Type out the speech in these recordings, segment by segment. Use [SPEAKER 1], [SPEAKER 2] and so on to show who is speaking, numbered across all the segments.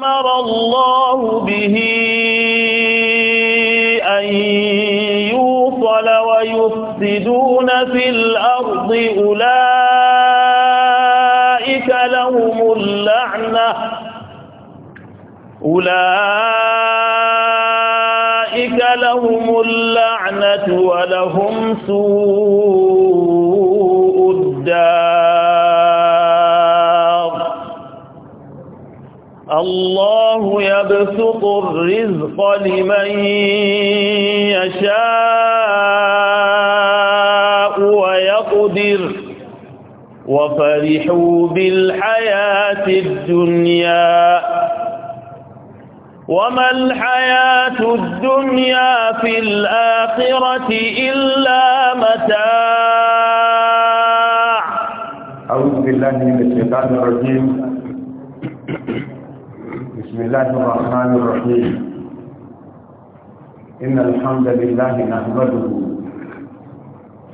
[SPEAKER 1] أمر الله به أن يوصل ويفسدون في الأرض أولئك لهم اللعنة أولئك لهم اللعنة ولهم سوء الله يبسط الرزق لمن يشاء ويقدر وفرحوا بالحياة الدنيا وما الحياة الدنيا في الآخرة إلا متاع
[SPEAKER 2] أعوذ بالله من الشيطان الرجيم بسم الله الرحمن الرحيم إن الحمد لله نحمده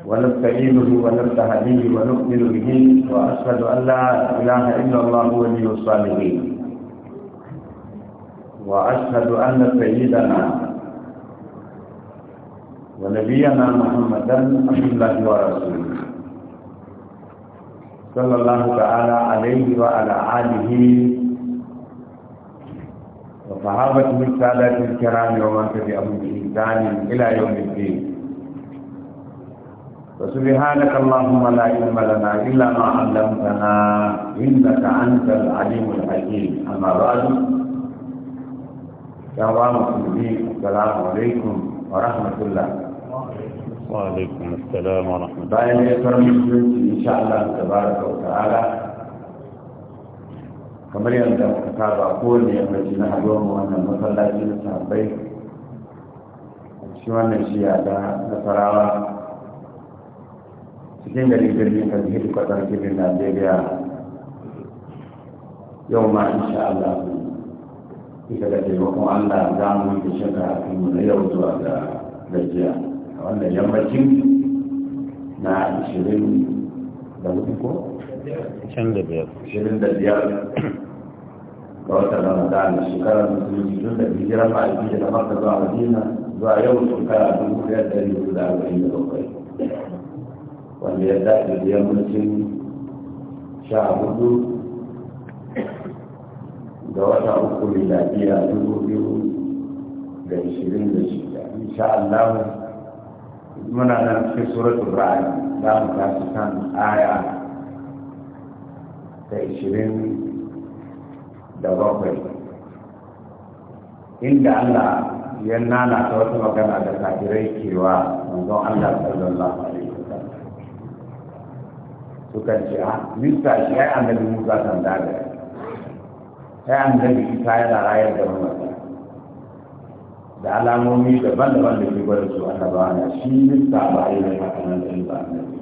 [SPEAKER 2] ونستعينه ونستهديه ونؤمن به وأشهد أن لا إله إلا الله ولي الصالحين وأشهد أن سيدنا ونبينا محمدا عبد الله ورسوله صلى الله تعالى عليه وعلى آله من سادات الكرام ومن تبعهم بإنسان إلى يوم الدين وسبحانك اللهم لا علم لنا إلا ما علمتنا إنك أنت العليم الحكيم أما بعد يا مسلمين السلام عليكم ورحمة الله وعليكم السلام ورحمة الله بعد إن شاء الله تبارك وتعالى kamar yadda ka saba kowane yammaci na haɗuwar mu wannan masallaci na tambayi shi wannan shi ya da nasarawa cikin gari birni ta hidu kwatar kibin najeriya yau ma insha Allah ita da taimakon Allah za mu yi shaka a kan na yau zuwa ga gajiya a wannan yammacin na ashirin da hudu ko? da biyar. ga watan ramadan na shekarar musulunci tun da hijirar ma'aiki da makka zuwa madina zuwa yau shekara dubu ɗaya da ɗari hudu da arba'in da bakwai wanda ya dace da yammacin sha hudu ga wata uku miladiya dubu biyu da ishirin da shida insha allahu. muna nan cikin suratul ra'd za mu tashi kan aya ta ishirin da bakwai inda Allah ya nana ta wata magana da kafirai cewa manzon Allah sallallahu alaihi wasallam suka ce ha ah, mista shi ai annabi Musa san da ga sai annabi Isa yana rayar da mamata da alamomi daban-daban da ke gwada su annabawa na shi mista ba a yi mai haka nan da ba annabi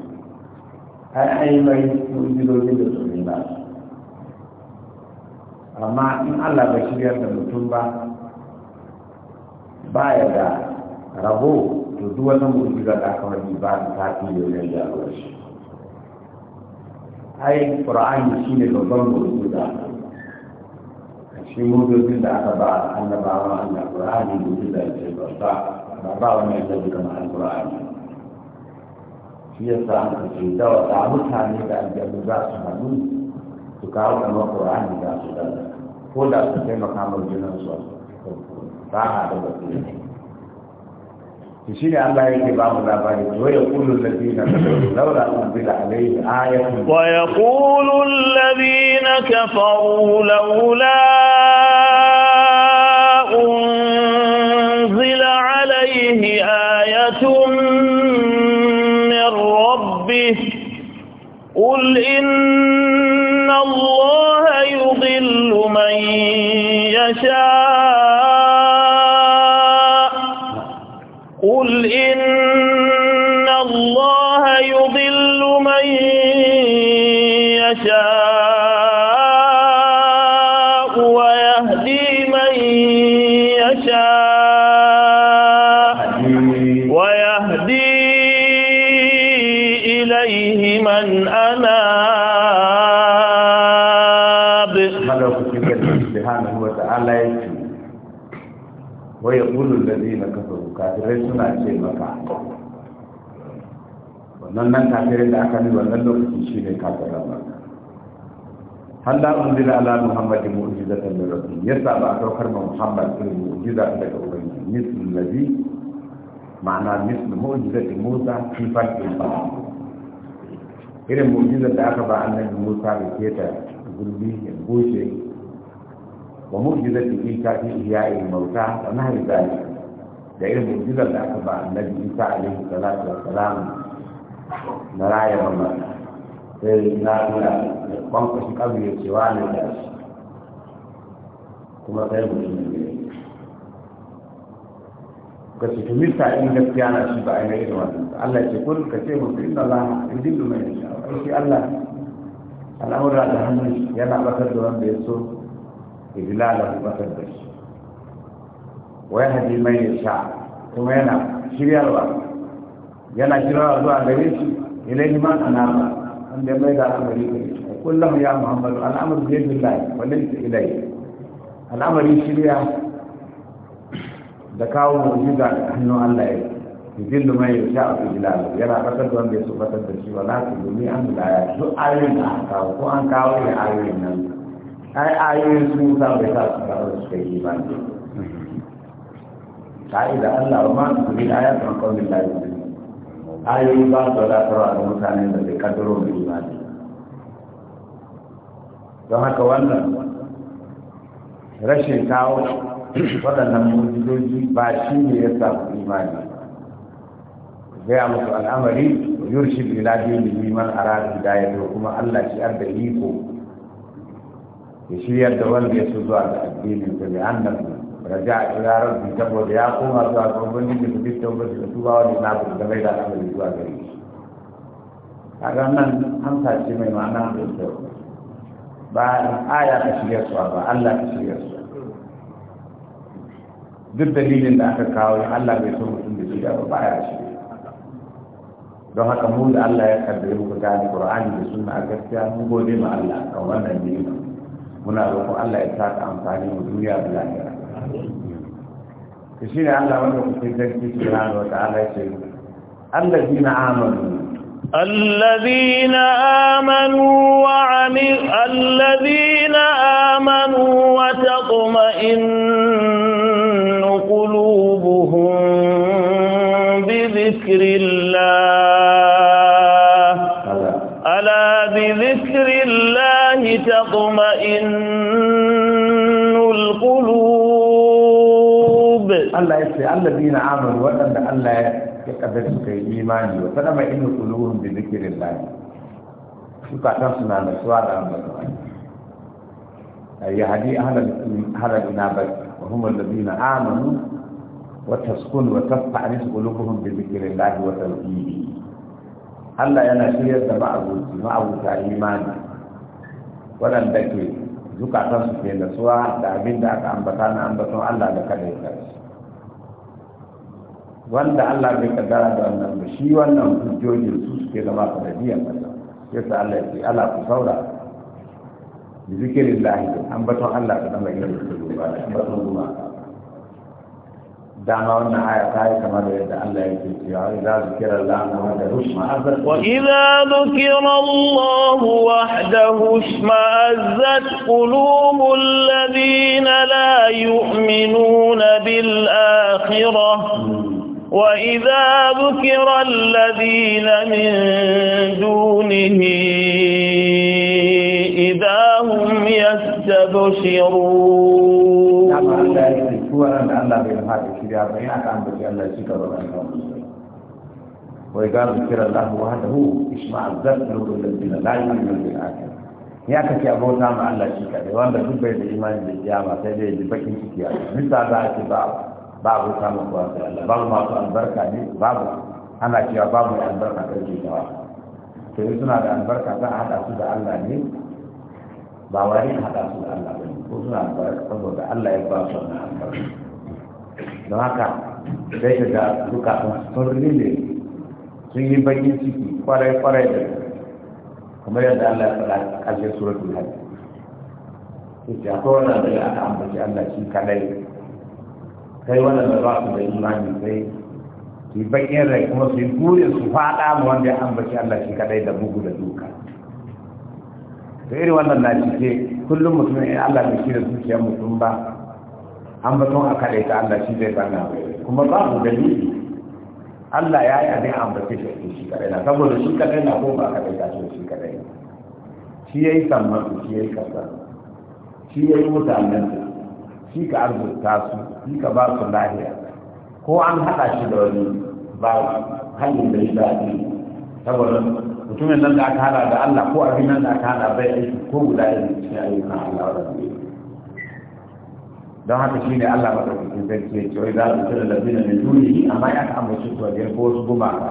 [SPEAKER 2] ai ai mai mu'jizojin da su ne na su amma in allah ba shiryar da mutum ba baya da rabo to duk wani mu'jiza da aka wani ba ta tafi da wani jaruwar shi ai qur'ani shine babban a cikin mu'jizin da aka ba annabawa Allah da mu'jiza ce babba ba ba wani annabi kamar alqur'ani shi ya yasa aka ce da mutane da aljanu za su hannu su kawo kamar qur'ani za su dalla ko da su taimaka mai junan su ba a da basira to shine
[SPEAKER 1] Allah yake ba mu labari to ya qulu alladhina laula unzila alayhi ayatun wa yaqulu alladhina kafaru laula أنزل عليه آية من ربه قل إن
[SPEAKER 2] kafirai suna ce maka wannan nan kafirai da aka ne wannan lokacin shi ne kafirai ba halla unzila ala muhammad mu'jizatan min rabbi yasa ba a saukar ma muhammad irin mu'jiza daga ubangiji mislu nabi ma'ana mislu mu'jizati musa fi fardin ba irin mu'jizar da aka ba annabi musa da keta gulbi ya bushe wa mu'jizati isa fi ihya'il mauta wa nahri zalika da irin mu'jizar da aka ba annabi isa alaihi salatu wa salam na raya ramadan sai na nuna da kwankwashi kabin ya cewa ne da shi kuma sai mutum ne ka ce to mista in gaskiya na shi ba a yi irin wannan Allah ce kun ka ce mutum inna Allah in dillu mai da shi shi Allah al'amura da hannun yana bakar da wanda ya so idilala bakar da shi wa yahdi man yasha kuma yana shiryarwa yana shiryarwa zuwa gare shi ilayhi man anaba wanda mai da al'amari ne kullum ya muhammadu al'amari bi yadillah wa laysa al'amari shirya da kawo mu'jiza da hannun Allah ya yudillu man yasha fi bilal yana fatar da wanda ya so da shi wala ta domin an da ya su ayoyin da aka kawo ko an kawo ne ayoyin nan ai ayoyin sun sa bai sa su kawo su kai ne ka'ida Allah ma su bi ayatun qawmin la yu'minun ayi ba su wadatarwa da mutane da bai kaddaro mai imani don haka wannan rashin kawo waɗannan mujizoji ba shi ne ya sa imani gaya musu al'amari yurshid ila dini liman ya zo kuma Allah shi arda iko ya shiryar da wanda ya su zuwa da addinin da bi annabi raja ila rabbi saboda ya koma zuwa ga ubangiji da duk tabbata da tuba wani na ku da mai da al'amari zuwa gare shi kaga nan amsa ce mai ma'ana da kyau ba aya ka shirya su a ba Allah ka shirya su duk dalilin da aka kawo Allah bai so mutum da shirya ba ba baya shirya don haka mu da Allah ya kaddare ta gane Qur'ani da suna a gaskiya mun gode ma Allah kan wannan ni'ima muna roƙon Allah ya saka amfani mu duniya da lahira to Allah wanda kuke sarki subhanahu wa ta'ala
[SPEAKER 1] ce allazina amanu الذين آمنوا وعمل الذين آمنوا وتطمئن قلوبهم بذكر الله ألا بذكر الله تطمئن
[SPEAKER 2] sai allazi na amur waɗanda Allah ya kaddar su kai imani wa sana mai inu kuluhun bi zikirin lahi zukatan suna nasuwa da ambata ya hadi halar ina ba wa hum allazi na amanu wa taskun wa tafa'anis kuluhun bi zikirin lahi wa tawhidi Allah yana shiryar da ma'abuci ma'abuta imani waɗanda ke zukatan su ke nasuwa da abin da aka ambata na ambaton Allah da kada ya karsu wanda Allah bai kaddara da wannan ba shi wannan hujjojin su suke zama sanadiyar kasa yasa Allah ya ce ala ku saura bi zikirillahi ambaton Allah ka zama yin rubutu ba ambaton ruwa dama wannan aya ta yi kamar da yadda Allah ya ce
[SPEAKER 1] cewa idza zikira Allah wahda rushma azzat wa idza zikira Allah wahdahu rushma azzat qulubul ladina la yu'minuna bil akhirah وإذا ذكر الذين من دونه إذا هم يستبشرون
[SPEAKER 2] وإذا ذكر الله وحده اسمع الذكر للذين لا يؤمنون بالآخرة ya kake abota ma Allah shi kaɗai wanda duk bai da imani da kiyama sai dai da bakin ciki a bisa da ake ba babu samun kuwa da Allah babu masu albarka ne babu ana cewa babu mai albarka karfe tawa to yi suna da albarka za a haɗa su da Allah ne ba wani haɗa su da Allah ba ko suna albarka saboda Allah ya ba su wannan albarka don haka sai ka ga duka sun rile sun yi bakin ciki kwarai kwarai da kamar yadda Allah ya faɗa a ƙarshen suratul hajj. Ita akwai wannan da aka ambaci Allah shi kadai sai da za su da imani sai su bakin rai kuma su yi su faɗa mu wanda ya ambaci Allah shi kadai da bugu da duka sai irin wannan na cike kullum mutumin in Allah bai shi da zuciyar mutum ba ambaton a kadai ta Allah shi zai bana kuma babu dalili Allah ya yi abin ambace shi shi kadai na saboda shi kadai na ko ba kadai ta shi kadai shi yayi sammatu shi yayi kasa shi yayi mutanen shi ka arzuta su shi ka ba su lahiya ko an haɗa shi da wani ba hanyar da ya zaɓi saboda mutumin nan da aka hada da Allah ko abin nan da aka hada bai aiki ko guda ya zai cikin ayyukan Allah wa rabbi don haka shi ne Allah maɗaukakin sarki ya ce wai za su kira da zina mai duniya amma ya ka amince su a ko wasu gumaka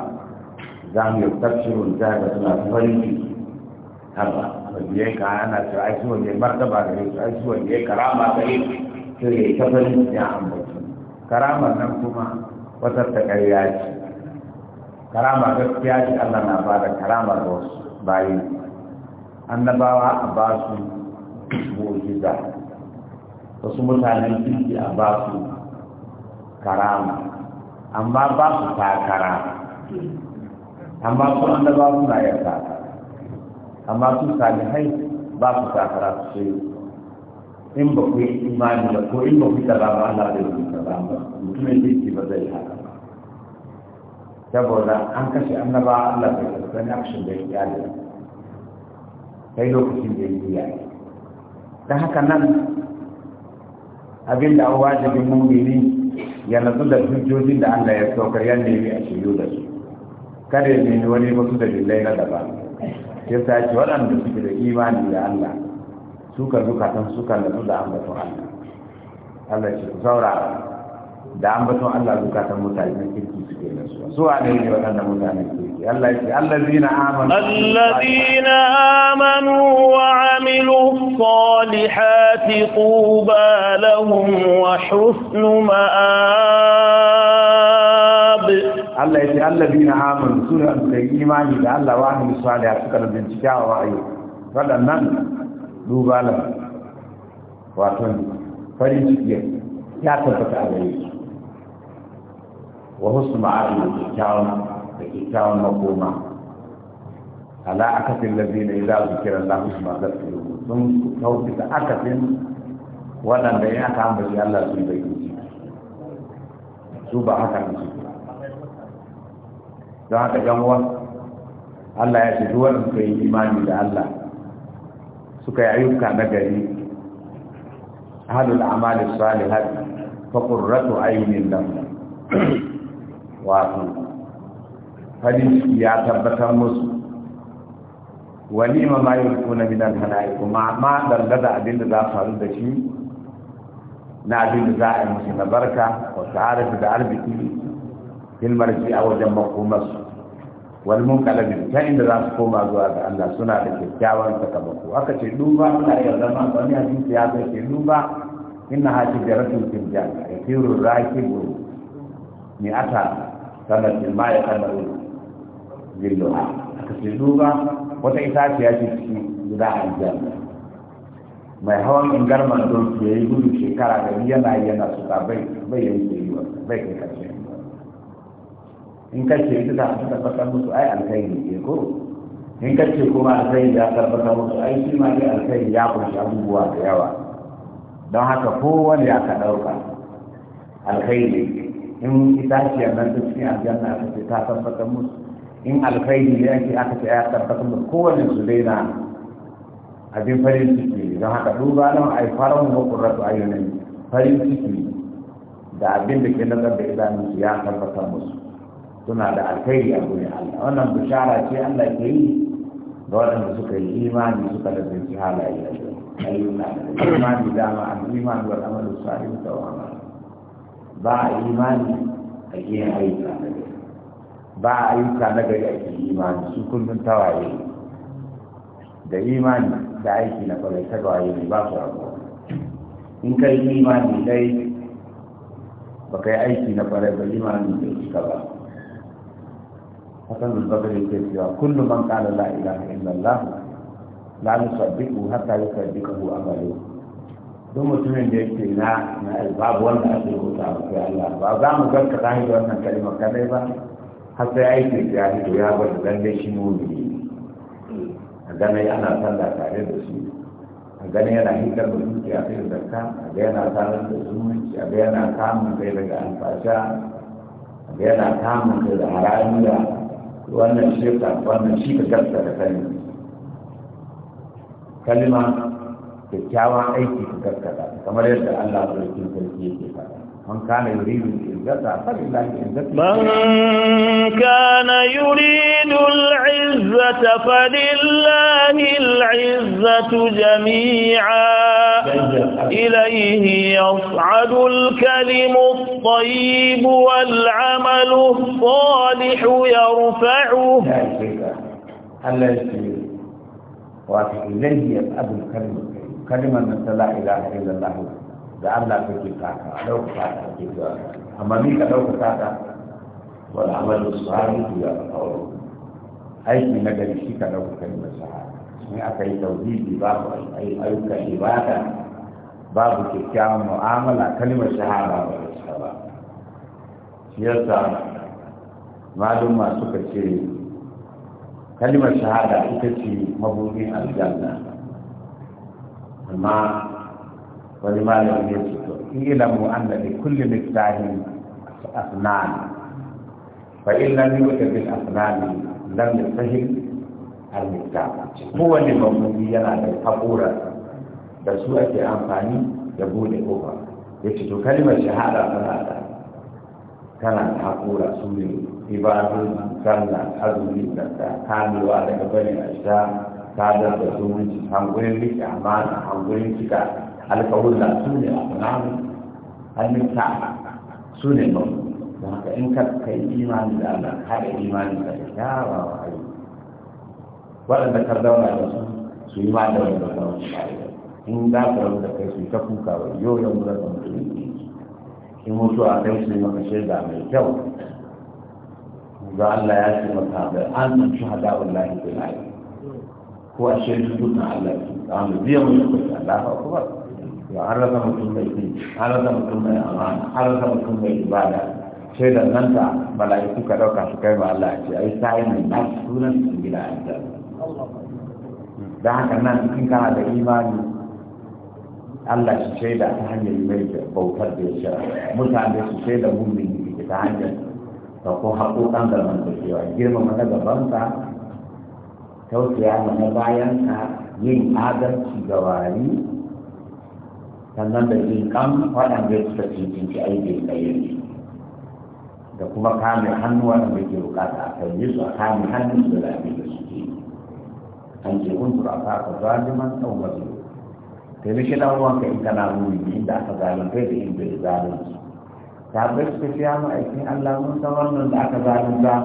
[SPEAKER 2] za mu yi tafsirin zaga suna farin ciki har ba biyan ka ana cewa ai suwan ya martaba da su ai suwan ya karama da su to ya yi tafarin ya ambaci karamar nan kuma wata ta karya ce karama gaskiya ce Allah na ba da karamar wasu bayi annabawa a ba su mu'jiza wasu mutanen kirki a ba su karama amma ba su takara amma su annabawa suna yin amma su salihai ba su takara su in ba ku yi imani ba ko in ba ku tara ba Allah zai yi tara ba mutumin jiki ba zai haka ba saboda an kashe annaba Allah bai karɓi na action da ya da sai lokacin da ya yi yaya Ta haka nan abin da an wajibin mummini ya nazu da hujjojin da Allah ya saukar ya nemi a shiryu da su kada ya nemi wani wasu dalilai na daban ya ce waɗanda suke da imani da Allah suka zukatan suka lalu da ambaton Allah Allah ce ku saurara da ambaton Allah zukatan mutane kirki suke nasuwa su a ne ne waɗanda mutane kirki Allah ce allazina amanu allazina
[SPEAKER 1] amanu wa amilu salihati quba lahum wa husnu ma'ab Allah
[SPEAKER 2] ya ce allazina amanu sura al-imani da Allah wa amilu salihati suka rubin cikawa ayyuka waɗannan blue balance wato farin ciki ya tabbata a gare shi wa husnu ma'ari da kyakkyawan da kyakkyawan makoma ala akafin lazina idza su ma husma zatiru sun kauce da akafin waɗanda ya aka ambaci Allah sun bai ciki su ba haka ne su don haka yan uwa Allah ya ce duwar wanda yi imani da Allah suka yi ayyuka na gari halul amali salihat fa qurratu aynin wa wato hadisi ya tabbatar musu walima ma yulkuna min al kuma ma dan dangada abin da za faru da shi na abin da za a yi musu na barka wa ta'arifu da arziki fil marji a wajen makomarsu Wani mun kalami ta inda za su koma zuwa ga Allah suna da kyakkyawan sakamako aka ce duba suna iya zama wani hadisi ya zai ce duba inna haji da rasul ja ya tiru rakibu ni ata sanar da ma ya kadar jillo aka ce duba wata itaciya ce ciki, guda aljanna mai hawan ingarman don ya yi gudu shekara da yana yana suka bai bai yanke yi bai kai karshe in ka ce ita za a tabbatar musu ai alkhairi ne ko in ka ce kuma zai ya tabbatar musu ai shi ma dai alkhairi ya kunshi abubuwa da yawa don haka kowane ya ka ɗauka alkhairi in itaciyar nan ta cikin aljanna ta ce ta tabbatar musu in alkhairi ne ake aka ce ya tabbatar musu kowane su dai na abin farin ciki don haka duba nan ai mu makurratu ayyunan farin ciki da abin da ke nazar da idanunsu ya tabbatar musu suna da alkhairi a gurin Allah wannan bishara ce Allah ke yi ga waɗanda suka yi imani suka da zanci halaye ayyuna imani dama an imani wal amalu salih ta wa ba a imani a yi ayyuka na gari ba a ayyuka na gari a ke imani su kullum tawaye da imani da aiki na kwarai tawaye ne ba su rabuwa in kai imani dai ba kai aiki na kwarai ba imani bai cika ba حسن البدر الكافي كل من قال لا اله الا الله لا نصدقه حتى يصدقه امله دو متمن دي كنا ما الباب ولا اخره تعالى في الله بعض عام قال كتاهي دو انا كلمة كذبة حتى يأيك الجاهد ويا بل غني شمولي غني انا صلى تعالى بسي غني انا هيك بلوك يا خير دكا غني انا صلى تزوج غني انا كام من غير الانفاشا غني انا كام من غير الحرائم wannan shirka wannan shi ka gaskata da kalima kalima kyakkyawan aiki ka gaskata kamar yadda Allah ya sarki yake faɗa man kana yuridu طيب من
[SPEAKER 1] كان يريد العزة فلله العزة جميعا إليه يصعد الكلم الطيب والعمل الصالح يرفعه
[SPEAKER 2] التي وإليه يصعد الكلم الطيب كلمة لا إله إلا الله da Allah kake لو ɗaukaka ta amma mi ka ɗaukaka ka wal amal salih ya qawl aiki na gari shi ka ɗaukaka ne sahaba in aka yi tauhidi babu ayyuka ibada babu kyakkyawan mu'amala kalmar shahada ba da shi ba shi yasa maluma suka ce kalmar shahada ita ce mabudin aljanna amma wani malami ya ce to ilamu anna ne kulli miftahin asnan fa in lam yuta bil asnan da yastahil al miftah wani mabudi yana da hakura da su ake amfani da bude kofa ya ce to kalmar shahada tana da tana da hakura su ne ibadun sallah azumi da kamewa daga bari a sha sadar da zumunci hangurin rike amana hangurin cika alƙawulla su ne a kunamu hannun ta su ne ba don haka in ka kai imani da Allah ka da imani da kyawawa ayi waɗanda ka zauna da su su yi ma da wani zauna wani ka'ida in za ka rabu da kai su ta kuka wa yau yau da ka mutu in mutu a kai su yi maka shaida mai kyau ga Allah ya ce maka da an san shahada wallahi bilahi ko a shaidu dukkan Allah ki amma biyan mu da Allah akbar ya an mutum mai kai an mutum mai amana an mutum mai ibada sai da nan da mala'iku ka dauka su kai ma Allah ce ai sai ne na sunan su gida aljanna da haka nan kin kana da imani Allah shi da ta hanyar mai bautar da shi shara mutane su yi da ta hanyar ta ko dan da mantakewa girmama na gabanka tausaya ma na ka yin adalci ga wani sannan da inkan waɗanda suka cikin cincinci aikin tsaye da kuma kame hannu da ke bukata a kan yi su a kame hannun da lafi da suke an ce kun tura ka ka zaliman ɗan wasu taimaki ɗan uwanka in kana nuni inda aka kai da inda ya zalunci ta bai suka fiya ma'aikin allah mun san wannan da aka ba.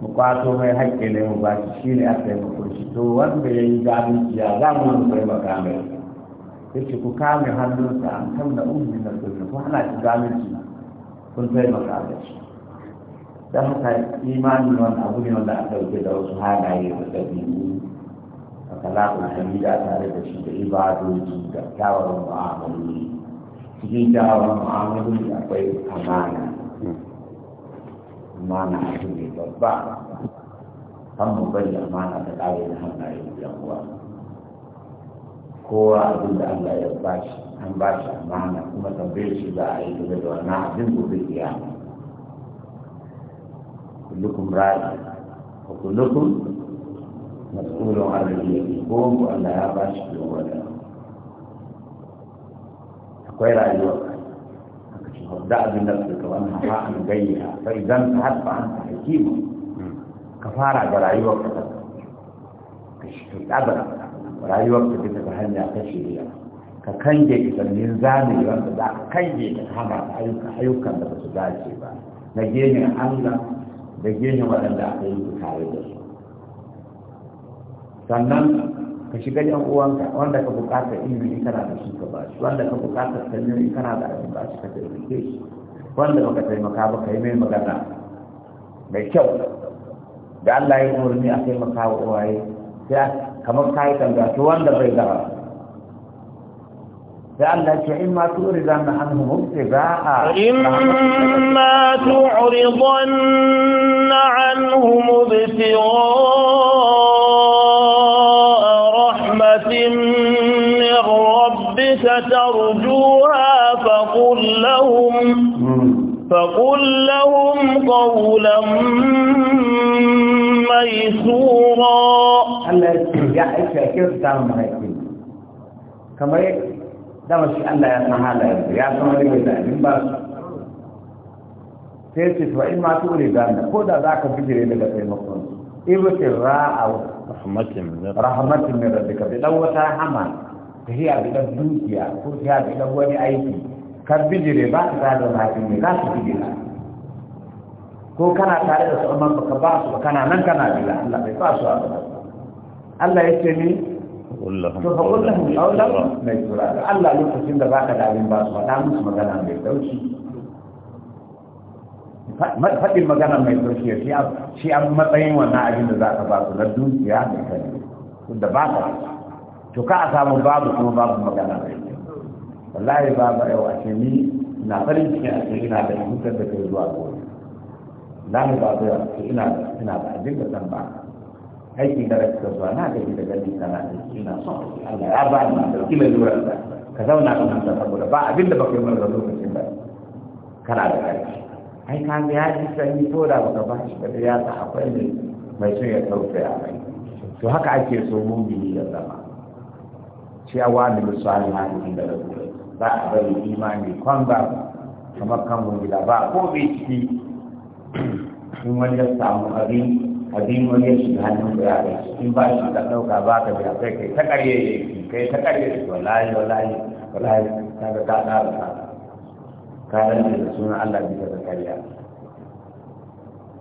[SPEAKER 2] mu kwato mai haƙƙi ne mu ba shi ne aka yi mu kurshi to wanda ya yi zalunci ya za mu taimaka mai yake ku kame hannunsa an tauna umu na sulhu ko hana shi zalunci kun maka da shi don haka imanin wani abu ne wanda aka yi da wasu halaye da ɗabi'u a kala'ul hamida tare da shi da ibadoji da kyawawan mu'amalli cikin kyawawan mu'amalli akwai amana amana abu ne babba kan mu bari amana ta ƙare da hannayen yan uwa kowa abin da Allah ya bashi an bashi amana kuma tambayar shi za a yi game da wannan abin gobe kiyama kullukum ra'i wa kullukum mas'ulun an rayyihi ko mu Allah ya bashi da wannan akwai rayuwa aka ce da abin da suka wannan ha an gayya fa idan ta hadfa an hakimu ka fara da rayuwar ka ka shi ta tsabara rayuwar ka bisa ga hanya ta shirya ka kange kisannin zane wanda za ka kange ka hana ayyukan da ba su dace ba na genin allah da genin waɗanda aka yi su tare da su sannan ka shiga yan uwanka wanda ka buƙatar ilimi kana da shi ka ba shi wanda ka bukata in kana da abin ba shi ka taimake shi wanda baka taimaka ba ka yi mai magana mai kyau da Allah ya umarni a taimaka wa uwaye sai kamar ka yi tambaya to wanda bai da
[SPEAKER 1] إما تعرضن عنه ابتغاء إما تعرضن عنه ابتغاء رحمة من ربك ترجوها فقل لهم فقل لهم قولا ميسورا
[SPEAKER 2] Allah ya ce ya aiki a kirta ta mahaifi kamar dama shi Allah ya san halayen ya san wani mai da abin ba su sai ce to in ma turi da ko da za ka bijire daga taimakon ibtin ra'a rahmatin min rabbika bi ɗan wata hama ta hiya bi dan dukiya ko ta hiya bi dan wani aiki ka bijire ba ka da rahmatin ne za su bijira ko kana tare da su amma baka ba su kana nan kana bila Allah bai ba su a gaba الله يتني فقل لهم أولا ميكورا الله يتسين دفاع كدعين باس وطامس مغانا ميكوشي فقل مغانا ميكوشي شيء أمتين وانا أجين دفاع باس لدون يا ميكوشي دفاع تكا أسامو باب كما باب مغانا ميكوشي الله يبابا يو أشمي نافرين شيء أشمينا بأمتر بكردوا أقول لا نبابا يو أشمينا بأمتر بكردوا أقول aiki da rasa zuwa na gaji da gani sana ina son Allah ya ba ni kila lalura da ka zauna a nan saboda ba abin da baka yi mana lokacin da kana da kai ai ka ga ya ji sanyi to da baka ba shi da ya sa akwai ne mai so ya tausaya mai to haka ake so bi ya zama shi awamil salihin da rasulullah ba a bari imani ba kamar kan gida ba ko bai ci in wani ya samu abin abin wani ya da hannun ku ya kai in ba shi ka ɗauka ba ka biya kai kai ta ƙarye kai ta ƙarye wallahi wallahi wallahi ta ga ta ɗara ta ka rantsa da sunan Allah bi ga ƙarya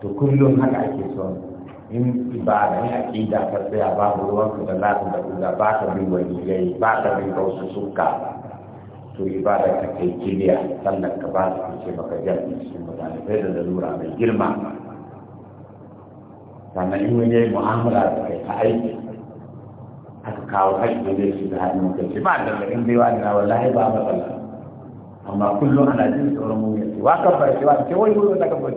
[SPEAKER 2] to kullum haka ake so in ibada ne aqida ka tsaya babu ruwan ka da lafi da kuda ba ka bin wani yayi ba ka bin wasu suka to ibada ka kai kiliya sannan ka ba su ce ka jami'i cikin mutane sai da lura mai girma sannan in wani ya yi mu'amala da kai ta aiki aka kawo haƙƙin da shi da hannun kai ce ba da lakin bai wani na wallahi ba matsala amma kullum ana jin tsoron mu ya ce wa kan fara ce wa ce wai wai wanda kan fara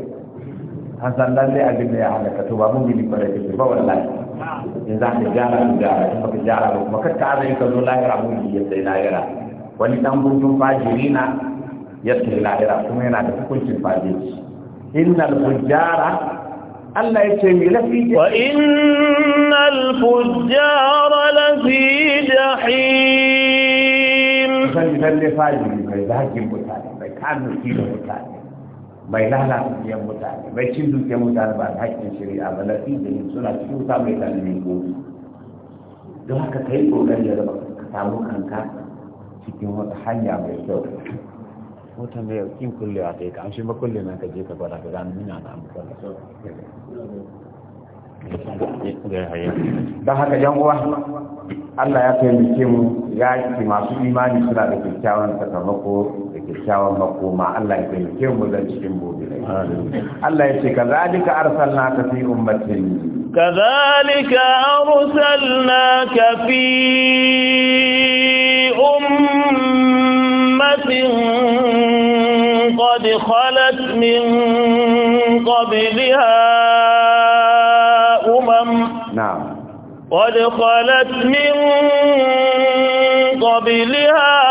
[SPEAKER 2] an san lalle abin da ya halaka to ba mun gini fara ce ba wallahi in za ka gyara ka gyara in baka gyara ba kuma kakka azai ka zo lahira mun gidi ya sai lahira wani dan gudun fajiri na ya sai lahira kuma yana da hukuncin fajiri innal fujjara
[SPEAKER 1] Allah ya ce mai lafi wa innal fujjara lafi jahim
[SPEAKER 2] sai dan ne fajiri mai zakin mutane mai kanu da mutane mai lalata dukiyar mutane mai cin dukiyar mutane ba da hakkin shari'a ba lafi jahim suna cikin wuta mai lalata gobe don haka kai kokari ya zama ka samu kanka cikin wata hanya mai kyau ko yau kin kulle ta yi ka amshi kulle na ka je ka gwada ka gano nuna na amfani don haka yan uwa Allah ya taimake mu ya masu imani suna da kyakkyawan sakamako da kyakkyawan makoma Allah ya taimake mu da cikin Allah ya ce fi ummatin kazalika arsalnaka
[SPEAKER 1] fi ummatin qad khalat min qablihha قد خلت من قبلها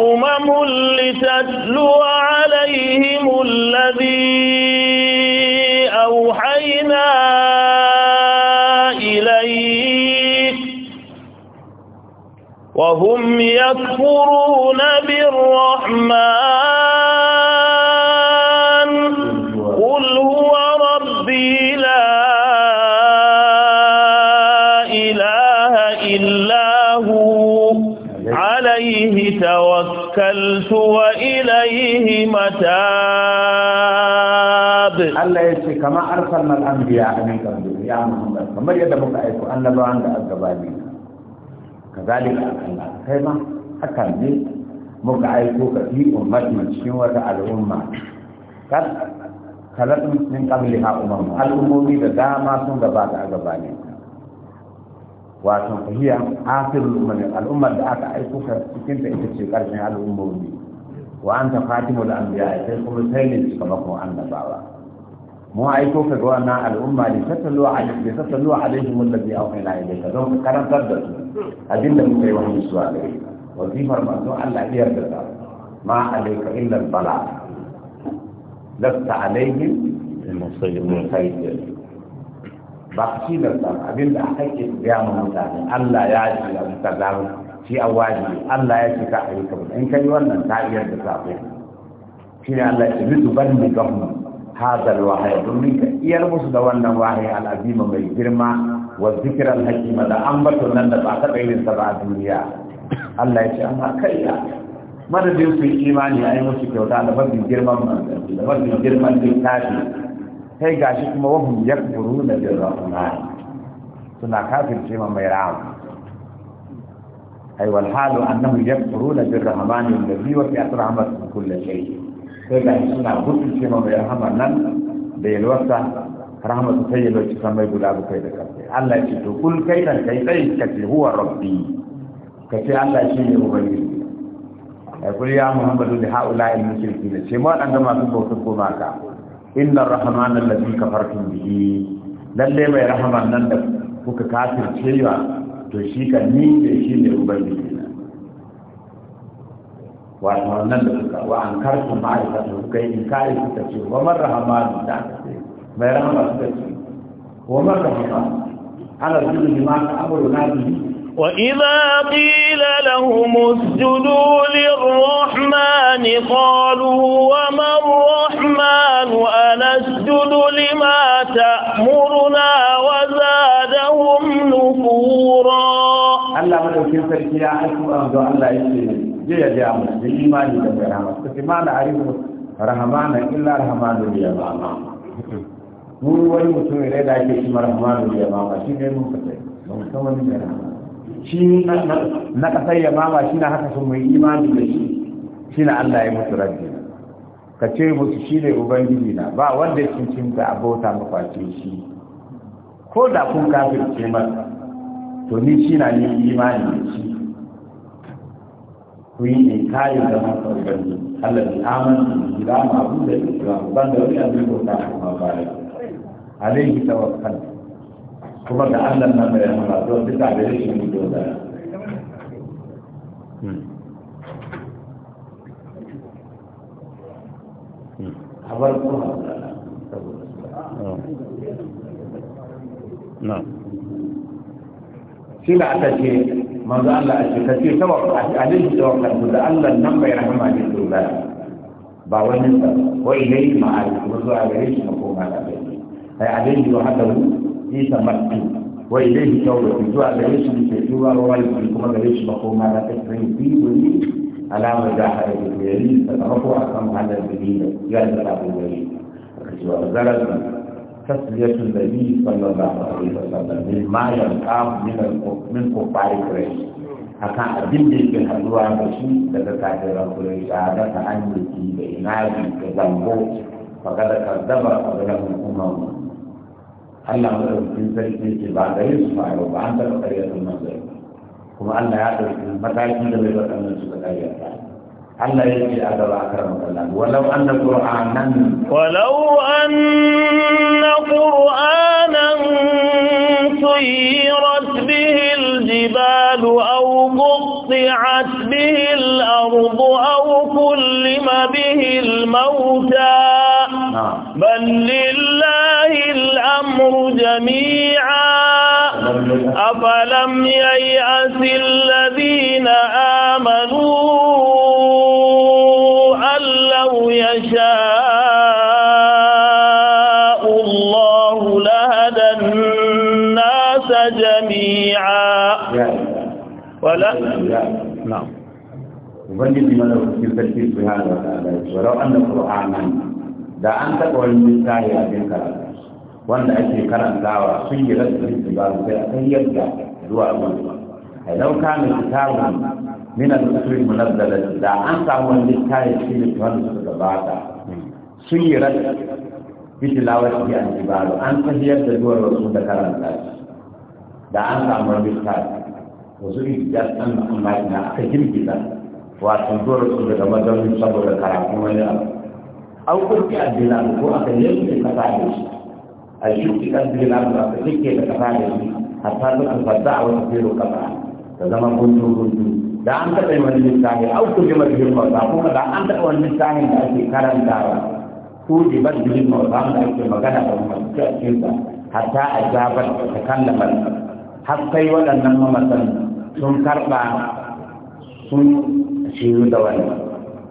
[SPEAKER 1] أمم لتتلو عليهم الذي أوحينا إليك وهم يكفرون
[SPEAKER 2] kama arsalna al-anbiya min qabli ya muhammad kamar yadda muka aiko annabawan da aka bani kazalika Allah kai ma haka ne muka aiko ka fi ummatin cikin wata al'umma kad kalat min qabli ha umam al'ummomi da dama sun gabata a gabanin wato fahiya akhirul umam al'ummar da aka aiko ka cikin ta ita ce karshen al'ummomi wa anta khatimul anbiya kai kuma sai ne cikamakon annabawa mun aiko ka ga wannan al'umma ne tattalo a da tattalo a da mun da biya kai lai da don ka karantar da su abinda muka yi wani su a gare wazifar manzo Allah biyar da ta ma alayka illa bala lasta alaihim musayir ba shi da ta abinda a kake biya mu mutane Allah ya ji ya mutane shi awaji Allah ya ce ka aika in kai wannan ta iyar da ta shi ne Allah ya ce mutu ban ni gahmu هذا الوحي دومين يرمس دوان على العظيم من جرما وذكر الحكيم ده أمبت لن تبعث بين سبع دنيا الله يشاء كيا ماذا ديو في إيماني أي مشكلة وتعالى بس جرما بس جرما بالتالي هي gashi kuma wahum yakfuruna bil rahman suna kafirce ma mai rahama ai wal halu annahum yakfuruna bil rahman الذي wasi'at rahmatuhu كل شيء sai ga suna gudun ce mai rahama nan da yalwarsa rahama su yi yalwarci san mai guda bakwai da karfe Allah ce to kul kai nan kai sai ka ce huwa rabbi ka ce Allah shi ne ubangiji ai kul ya muhammadu da haula al mushrikina ce ma dan masu bautar goma ka inna rahmana allazi kafartum bihi lalle mai rahaman nan da kuka kafirce ya to shi ka ni ne shi ne ubangiji wato wannan da suka wa an karfin ma'aikata da suka yi inkari suka ce wa marar hamadu da aka ce
[SPEAKER 1] mai rahama suka ce wa marar hamadu ana zuwa ma ta amuru na biyu وإذا قيل لهم اسجدوا للرحمن قالوا وما الرحمن أنسجد لما تأمرنا وزادهم نفورا
[SPEAKER 2] الله ملوك الفرق يا أسوأ الله يسير zai ya ja mu da imani da rahama ta ce ma na arihu rahamana illa rahamanu da ma mu wani mutum ne da ake shi rahamanu da ma shi ne mun fata ba mu san wani da rahama shi na kasar ma shi na haka sun mai imani da shi shi na Allah ya mutu rabbi ka ce musu shi ne ubangiji na ba wanda ya cincin ta abota makwace shi ko da kun kafirce masa to ni shi na ni imani da shi ku yi inkari da masu gani Allah bi aman bi kira ma abu da kira ban da wani abin ko ta kuma baya alaihi tawakkal kuma da Allah na mai amara don duka da yake mu da habar kuma na shi da aka ce manzo Allah a ce ka ce tawakkal alaihi tawakkal da Allah nan bai rahama ne to ba wani sa wa ilayhi ma'al wa zuwa gare shi makoma da bai ai alaihi wa hadahu fi tamattu wa ilayhi tawbatu zuwa gare shi ke tuba wa wal kuma gare shi makoma da kai fi wani alama da har da yayi sakamako akan hadar da ya da abu yayi kace wa zarar تسلية النبي صلى الله عليه وسلم مما يلقاه من من كفار قريش akan abin da yake haduwa da shi daga kafiran Quraisha da ta hanyaki da inaji da zambo faga da kaddaba a ga hukumar Allah madaukakin sarki ce ba gare su faru ba an taɓa kuma Allah ya ɗauki mataki da bai waɗannan suka Allah ya ce a gaba a karan kallon walau an da ƙur'anan walau an na ƙur'anan
[SPEAKER 1] suyirat bihil jibalu aw qutti'at bihil ardu aw kullima bihil mauta bal lillahi al-amru jami'a afalam yay'as alladhina amanu يشاء الله لهدى الناس جميعا ولا
[SPEAKER 2] نعم وبني بما لو في التركيز بهذا ولو ان القران دا ان تقول من تاي ابي كلام وان اكي كلام دعوه سجلت في الاتباع وفي يبدا دعاء من الله لو كان كتابا min al-usul munazzala da an samu wani kayan shi ne tuwan su gabata sun yi rat fitilawar shi an jibaru an tafiyar da zuwa wasu da karanta da an samu wani kayan wasu rigidas an amma ina aka girgiza wato zuwa su daga mazaunin saboda karatu wani abu an kurki a dinar ko aka yanke kasa da shi a shuki kan dinar da da shi a wata fero zama da an taɓa wani littafin au ku ji majibin mawata kuma da an taɓa wani littafin da ake karantawa ku ji majibin ko da ake magana da masu a cikinsa hatta a jabar ta kallamar har kai waɗannan mamatan sun karɓa sun shiru da wani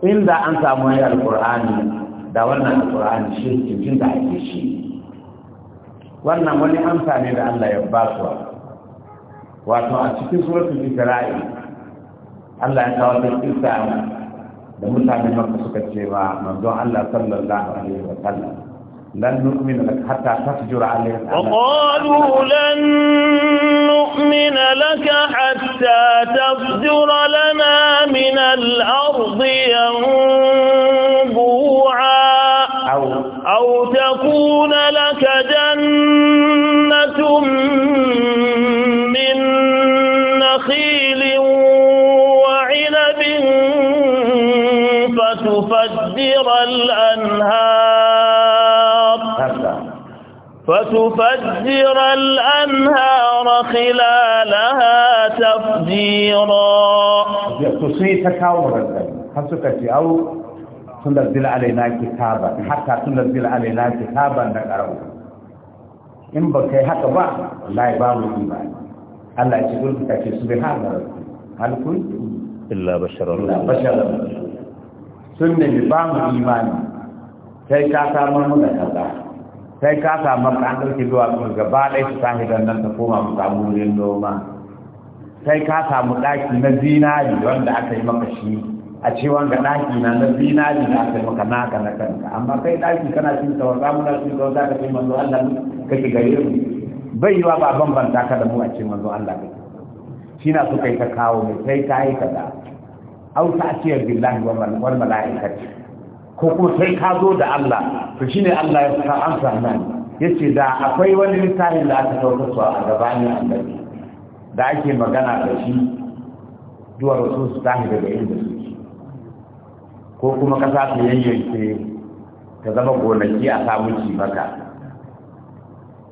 [SPEAKER 2] inda an samu wani alƙur'ani da wannan alƙur'ani shi cikin da ake shi wannan wani amsa ne da Allah ya ba su wato a cikin suratul Isra'il Allah ya kawo da kisa da mutane maka suka ce ma manzon Allah sallallahu alaihi wa sallam lan nu'min lak hatta tasjura alaina wa
[SPEAKER 1] qalu lan nu'min lak hatta tasjura lana min al-ard yanbu'a aw aw takuna lak jannah الأنهار فتفجر الأنهار خلالها تفجيرا
[SPEAKER 2] تصيب تكاورا حسكت أو تنزل علينا كتابا حتى تنزل علينا كتابا نقرأه إن بكي حتى بعض لا يبالي إيمان الله يقول لك سبحان ربي هل كنت إلا بشر الله إلا الله sun ne ba mu imani sai ka samu muna da kaza sai ka samu ka an ɗauki zuwa sun gaba ɗaya su tashi dan nan ta koma mu samu wurin noma sai ka samu ɗaki na zinari wanda aka yi maka shi a ce wanga daki na na zinari da aka yi maka naka na kanka amma kai daki kana cin kawar samu na cin ta za ka yi manzo Allah kake gare mu bai yiwa ba bambanta ka da mu a ce manzo Allah kake shi na suka yi ta kawo mai sai ka yi kaza aw ta'tiya billahi wal malaikati ko kuma sai ka zo da Allah to shine Allah ya sa amsa nan yace da akwai wani misali da aka su a gabanin annabi da ake magana da shi zuwa rasul su daga inda su ko kuma kasa ta yayyanke ta zama gonaki a samu maka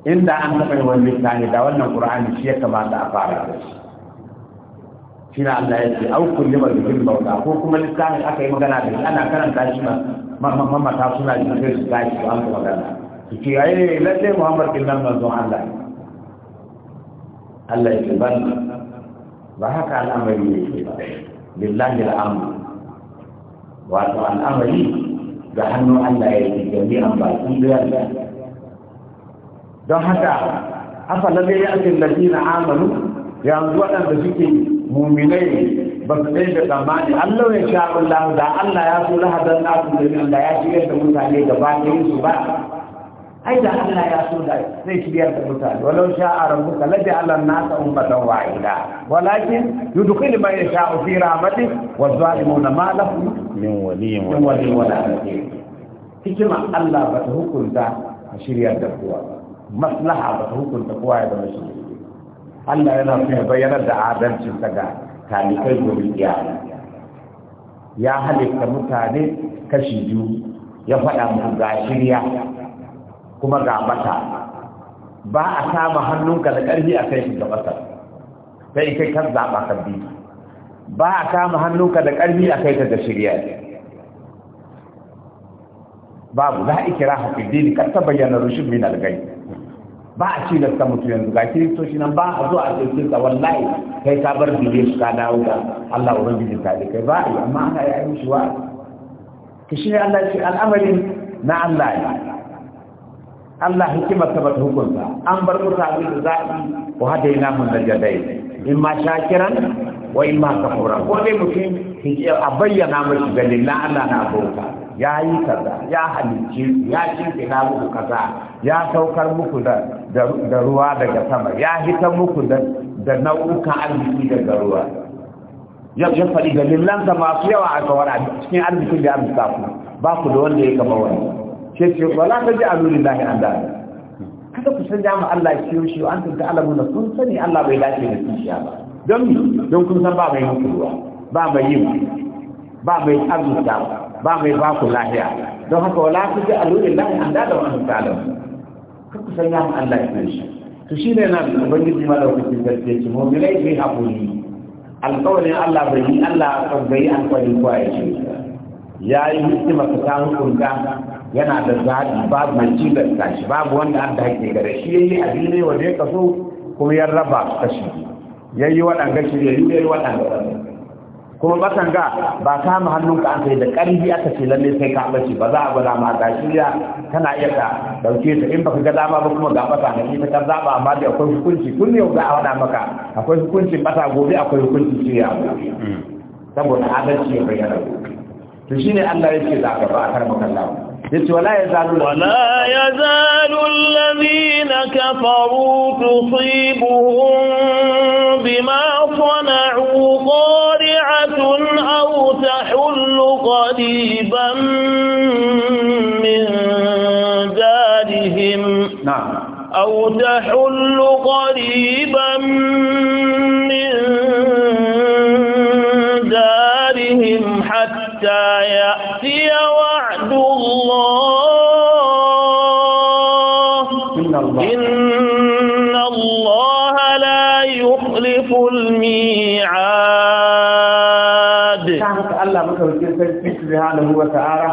[SPEAKER 2] inda an taɓa wani misali da wannan ƙur'ani shi ya kamata a fara da shi shi na Allah ya ce au kulli ba bikin bauta ko kuma littafin aka yi magana da shi ana karanta shi ba mamata suna jin sai su tashi su amsa magana su ce yayi lalle Muhammad bin nan manzon Allah Allah ya ce ban ba haka al'amari ne ke ba lillahi al'amru wato al'amari ga hannun Allah ya ce jami'an baki da don haka afa lalle ya ce ladina amanu yanzu waɗanda suke muminai ba su ɗaya da tsammani Allah ya sha Allah da Allah ya so lahadar na su da Allah ya shirya da mutane ta ɗayan su ba ai da Allah ya so da zai shirya da mutane walau sha a rabuka ka laji Allah na ta umbatan wa'ida walakin yudkhil man yasha'u fi ramadi wa zalimuna ma lahum min Wani, Wani la hikima Allah ba ta hukunta a shirya da kowa maslaha ba ta hukunta kowa ya zama shirya Allah yana fi ya bayyanar da adalcin ga talikai gobe kiyama ya halitta mutane kashi biyu ya faɗa muku ga shirya kuma ga bata ba a kama hannunka da ƙarfi a kai ga bata sai kai kan zaɓa ka bi ba a kama hannunka da ƙarfi a kai ga shirya babu za a ikira hafi dini kar ta bayyana rushin min algai ba a ce lasta mutu yanzu ga kiristoci nan ba a zuwa a cikin sa wallahi kai ka bar dole su ka dawo ga Allah ubangiji ka da kai ba a yi amma ana ya yi shi wa ki shi Allah shi al'amarin na Allah ne Allah hikima ta bata hukunta an bar mutane da zaɓi
[SPEAKER 1] ko hada yana mun da jadai
[SPEAKER 2] in ma shakiran wa in ma kafura ko dai mutum a bayyana mashi ga Na Allah na abota ya yi kaza ya halicci ya shimfiɗa muku kaza ya saukar muku da da ruwa daga sama ya hita muku da da nau'ukan arziki daga ruwa ya ya faɗi da lillansa masu yawa a kawar a cikin arzikin da arzika ku ba ku da wanda ya kama wani ce ce wala ta ji alulin lahi an dada kada ku san jami'a Allah shi shi an tunta alamu na sun sani Allah bai dace da kishiya ba don don kun san ba mai muku ba mai yi ba mai arzuta ba mai ba ku lahiya don haka wala su ji alurin lahi an dada wani an talam san ya mu Allah ya shi to shi ne na ubangiji ma da kuke gaske ci mu bilai bi hakuri alƙawarin Allah bai yi Allah bai an kwani ko ya ce ya yi hikima ka ta hukunta yana da zaɓi babu mai cibar kashi babu wanda an da hake gare shi yayi abin ne wanda ya kaso kuma ya raba kashi yayi waɗanda shi yayi waɗanda kuma batan ga ba kama hannunka an kai da ƙarfi aka ce lalle sai ka bace ba za a gwada ma ga shi ya kana iya ka dauke ta in baka ga dama ba kuma ga bata ne ita ka zaba amma da akwai hukunci kun ne ga a wada maka akwai hukunci bata gobe akwai hukunci ce ya saboda adalci ya bayyana to shine Allah yake za ba a kar maka Allah yace wala yazalu wala
[SPEAKER 1] yazalu alladhina kafaru tusibuhum bima أو تحل قريبا من دارهم نعم أو تحل قريبا من
[SPEAKER 2] subhanahu wa ta'ala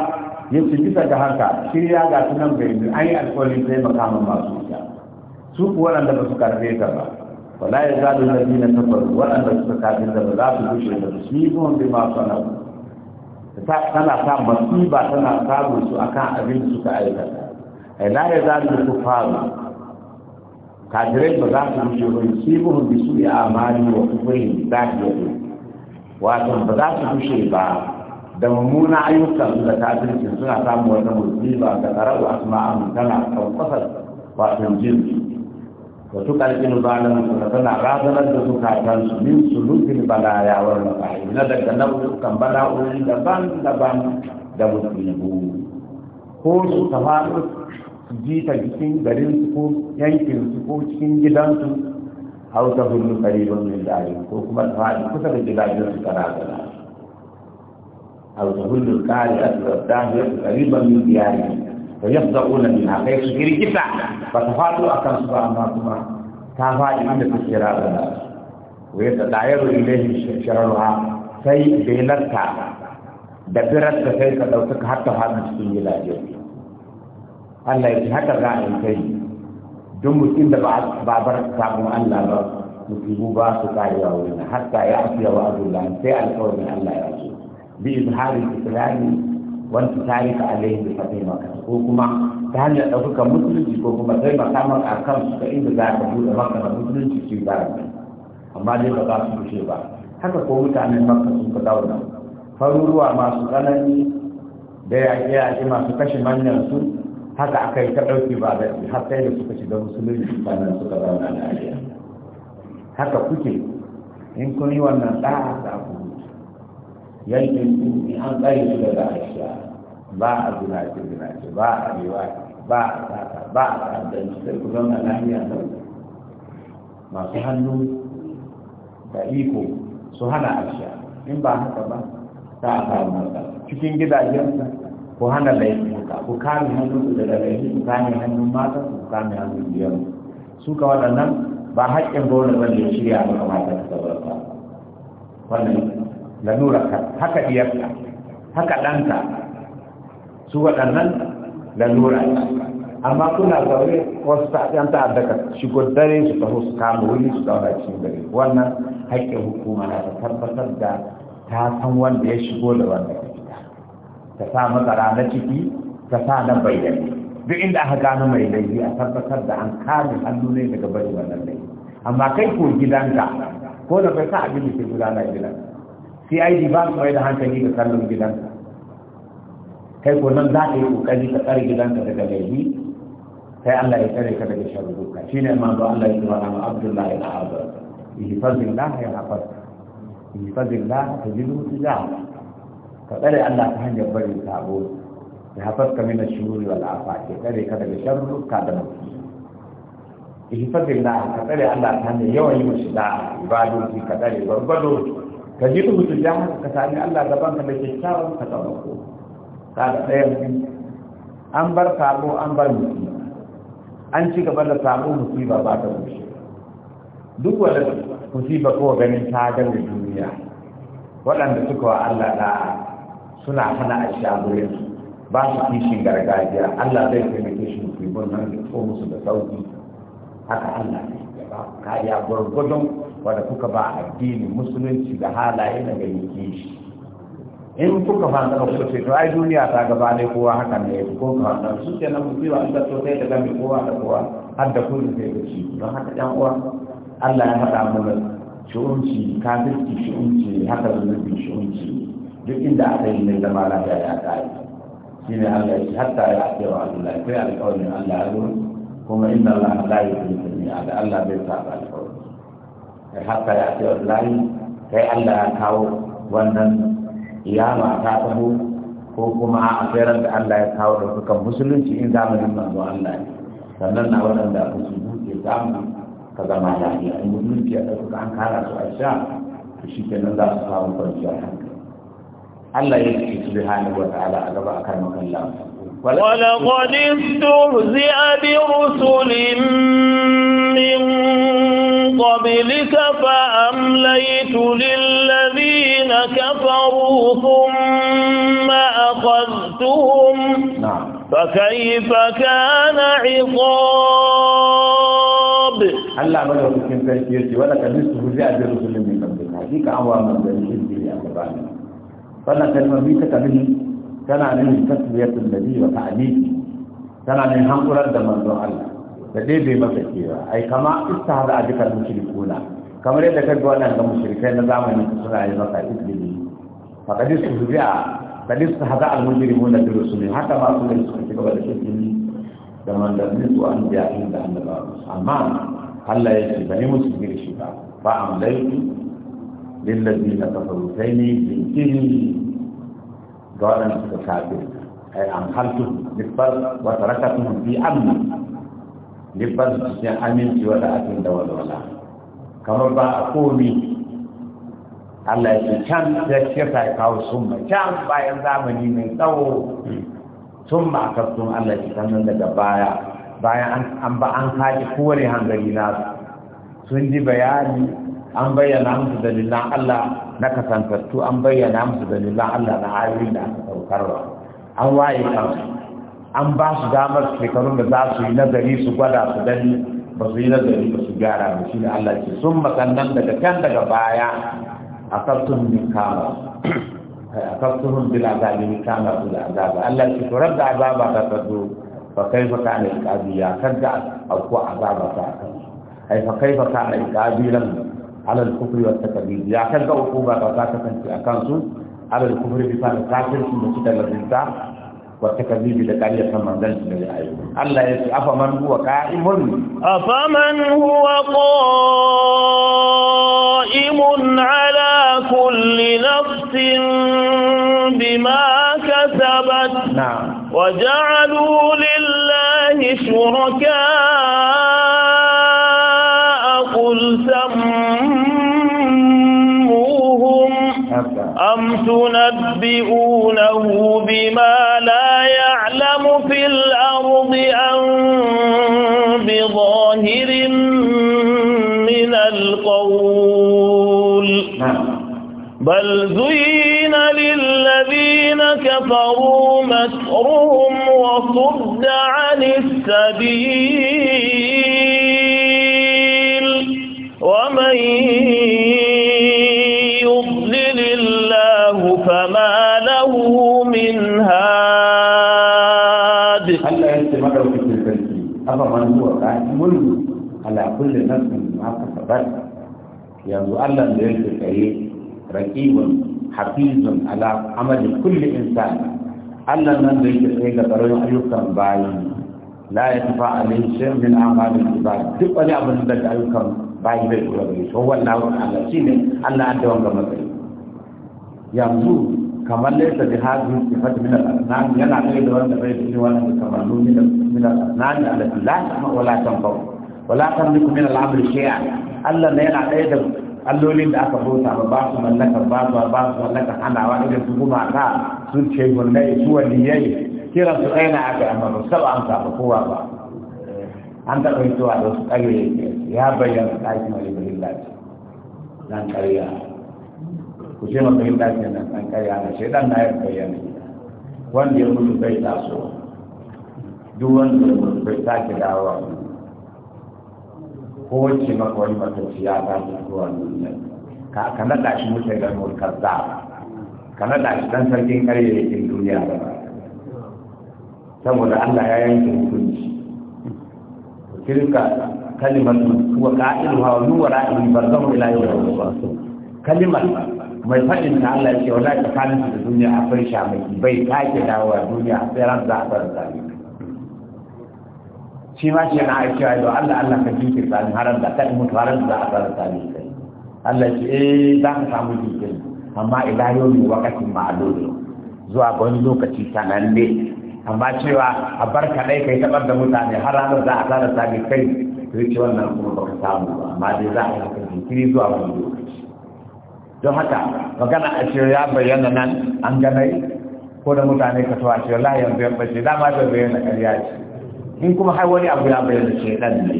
[SPEAKER 2] ya ce bisa ga haka shirya ga sunan bai an yi sai taimaka ma masu wuta. su kuwa wanda ba su karfe ta ba wala ya zaɓi na biyu na tabbas waɗanda suka karfe da ba za su gushe da su yi kuma bai ma sana tana sa masiba tana samun su akan abin da suka aikata ai la ya zaɓi da kufaru kafirai ba za su gushe ba su yi kuma bisu ya amali wa kufurin zaɓi ya wato ba za su gushe ba da ayyuka ayyukan da kafircin suna samun wata musiba da karau asma'an tana kankwasar wato jin wa su kalkin zanen su tana razanar da su kafan su min sulukin balaya wa mafahi na daga nau'ukan wuri daban-daban da musibu ko su tafaɗo su ji ta jikin garin su ko yankin su ko cikin gidansu hau ta hulun karibin min ko kuma tafaɗi kusa da gidajen su kana gana أو تقول لك الكارية الثانية قريبا من ديارهم فيفضعون منها فيفسكري جفا فتفاتوا أكام سبحانهما تافا إمام كثيرا لنا ويتدعير إليه شرارها في بينك دبرت كثيرا لو تك حتى هذا نشتي إلى جيب ألا يتحكى غائم كي دمو تند بابر كامو أن لا نرى نتبوبا سكاريا ولنا حتى يعطي الله أبو الله سيئا الله يعطيه بإظهار الإسلام وانتصارك عليه بفتح مكة وكما كان يدعوك مسلم وكما زي ما كان أكرم فإن ذاك بود مكة مسلم في بارك أما دي بقى سبشي بقى haka ko mutanen makka sun ka dauna faruruwa masu tsanani da yaƙe-yaƙe masu kashe manyan su haka aka yi ta ɗauki ba da har sai da suka shiga musulunci sannan suka zauna lafiya haka kuke in kun yi wannan ɗa'a da ku yanke su in an tsare su daga aisha ba a zinace zinace ba a rewa ba a sata ba a ta'addanci sai ku zauna lafiya nan masu hannu da iko su hana aisha in ba haka ba ta a samu masa cikin gidajensa ku hana laifuka ku kame su daga laifin ku kame hannun mata ku kame hannun biyar su ka waɗannan ba haƙƙin gona wanda ya shirya maka mata ta zaura wannan lalurarka haka diyarka haka danka su waɗannan lalura amma kuna zaure wasu ta'adiyar ta'adda ka shigo dare su taho su kama wuri su daura cikin dare wannan haƙƙin hukuma na ta tabbatar da ta san wanda ya shigo da wanda ya fita ta sa masa na ciki ta sa na bayyane duk inda aka gano mai laifi a tabbatar da an kame hannu ne daga bari wannan laifi amma kai ko gidanka ko da bai sa abin da ke gudana gidanka cid ba su mai da hankali da sallar gidanka kai ko nan za ka yi kokari ka tsare gidanka daga laifi sai Allah ya tsare ka daga sharruka shine manzo Allah ya tsara ma Abdullahi al-Azhar ihfazillah ya hafaz ihfazillah tajidu tijara ka tsare Allah ta hanyar barin sabo ya hafaz ka min ash-shururi wal afat ya tsare ka daga sharruka da mutum ihfazillah ka tsare Allah ta hanyar yawan yi mashi da ibadoci ka tsare gwargwado ka ji duhu su ja haka ka sami Allah gaban ka da kyakkyawan ka taɓa ko ka da ɗaya an bar sabo an bar mutu an ci gaba da sabo musiba ba ta rushe duk wanda musiba ko ganin ta da duniya waɗanda suka wa Allah da suna hana a shagurin ba su kishin gargajiya Allah zai taimake shi musibin nan da ko musu da sauki haka Allah ne ya ba kariya gwargwadon wanda kuka ba addini musulunci da halaye na gani shi in kuka fanta ku ce to ai duniya ta gaba ne kowa haka ne ko ka fanta su ke nan musiba an da to sai da gami kowa da kowa har da kullu sai da shi don haka ɗan uwa Allah ya faɗa mana shi kafirci shi'unci haka zunubi shi'unci duk inda aka yi mai zama lafiya ya ƙare shi ne Allah ya ce hatta ya ce wa Allah kai alƙawarin Allah ya zo kuma inna Allah la yuhibbu al-mu'tadin Allah bai saba alƙawarin da haka ya fi wallahi sai Allah ya kawo wannan iyama ta taho ko kuma a tseren da Allah ya kawo da suka musulunci in zamanin manzo Allah ne sannan na waɗanda su ke samu ka zama lafiya in musulunci ya ɗauka an kara su a sha to shi kenan za su samu kwanciyar hankali Allah ya ce subhanahu
[SPEAKER 1] wa ta'ala a gaba
[SPEAKER 2] akan makallahu
[SPEAKER 1] ولقد استهزئ برسل من قبلك فأمليت للذين كفروا ثم أخذتهم نعم. فكيف كان عقاب الله ما لو كنت تشيرتي ولا كان يستهزئ برسل
[SPEAKER 2] من قبلك هذيك من ذلك يا أبانا فأنا كلمة بيك تبني كان عليه تسوية النبي وتعليمه كان عليه هنقرا دم الله da dai bai masa kewa ai kama istihara a dukkan mushrikuna kamar yadda kaga waɗanda mushrikai na zamani suna yi masa izini fa kadi su zubi'a kadi su hada al-mujrimuna bi rusuli haka ma su ne suka ci gaba da shirkin da mandarin su an biya in da inda ba. amma Allah ya ce bani musulmi da shi ba ba amlaitu lillazina kafaru sai ne jinkiri ga waɗanda suka kafir ai an haltu nisbar wa tarakatuhum fi amna liban cikin aminci wala atun da walwala kamar ba a komi Allah ya ce can ya ce ta kawo summa can bayan zamani mai tsawo summa aka sun Allah ya nan daga baya bayan an ba an kaji kowane hangari na sun ji bayani an bayyana musu dalilan Allah na kasantattu an bayyana musu dalilan Allah na ayoyin da aka saukarwa an waye kansu an ba su damar shekarun da za su yi nazari su gwada su gani ba su yi nazari ba su gyara ba shi ne Allah ce sun makannan daga kan daga baya a kaftun min kama a kaftun bila azabi min kama su da azaba Allah ce to rabda azaba ta tazo fa kai fa kana iqabi ya kadda ko azaba ta kan ai fa kai fa kana iqabi lam ala al-kufri wa takdib ya kadda uquba ta ta kasance akan su ala al-kufri bi fa su da suka lazimta والتكذيب لتاريخ من ذلك الآية الله يسي أفمن هو
[SPEAKER 1] قائم أفمن هو قائم على كل نفس بما كسبت نعم وجعلوا لله شركاء تنبئونه بما لا يعلم في الأرض أم بظاهر من القول نعم. بل زين للذين كفروا مكرهم وصد عن السبيل ومن
[SPEAKER 2] qa'imun ala kulli nafsin ma kasabat yanzu Allah da yake tsaye raqibun hafizun ala amali kulli insan Allah nan da yake tsaye ga tsaron ayyukan bayi la yatfa alayhi shay'un min a'malil ibad duk wani abin da ayyukan bayi bai kula da shi wannan Allah shine Allah da wanga matsayi yanzu kamar laisa bi hadin sifat min al-asnam yana kai da wanda bai da wannan kamallu min min al-asnam allati la ta'ma wa la tanfa wa la tamliku min al-amr shay'a Allah ne yana kai da allolin da aka bauta ba ba su mallaka ba ba ba su mallaka hanawa idan su kuma ka sun ce gullai su waliyai kira su aina aka amma ba saba an saba kowa ba an ta yi zuwa da su ƙarye ya bayyana ɗakin alibirin lati nan ƙarya ku ce masu yin dace nan an karya na shaidan na yin bayyana wanda ya mutu bai taso duk wanda ya mutu bai sake dawowa ko wacce maka wani matacci ya ta su zuwa duniya ka ka naɗa shi mutu da nuna kaza ka naɗa shi dan sarkin karyayyakin duniya ba saboda Allah ya yanke hukunci tilka kalimatu wa qa'iluha wa nuwara ibn barzahu ila yawm al-qiyamah Kalimar. mai faɗin da Allah ce wala tsakanin da duniya akwai mai bai sake dawowa duniya sai ran za a bar zalimi shi ma shi na aiki wa yau Allah Allah ka jinkir tsanin haram da kan mutu haram da aka rasa ne Allah ce eh za ka samu jinkir amma ila yau ne wakatin ma'alolo zuwa ga wani lokaci ne? amma cewa a bar ka dai kai tabar da mutane har ranar za a tsara sami kai to ce wannan kuma baka samu ba amma dai za a yi jinkiri zuwa wani lokaci don haka magana a ce ya bayyana nan an ganai ko da mutane ka tawa ce la yanzu ya bace dama da bayyana ƙarya ce in kuma har wani abu ya bayyana ce dan ne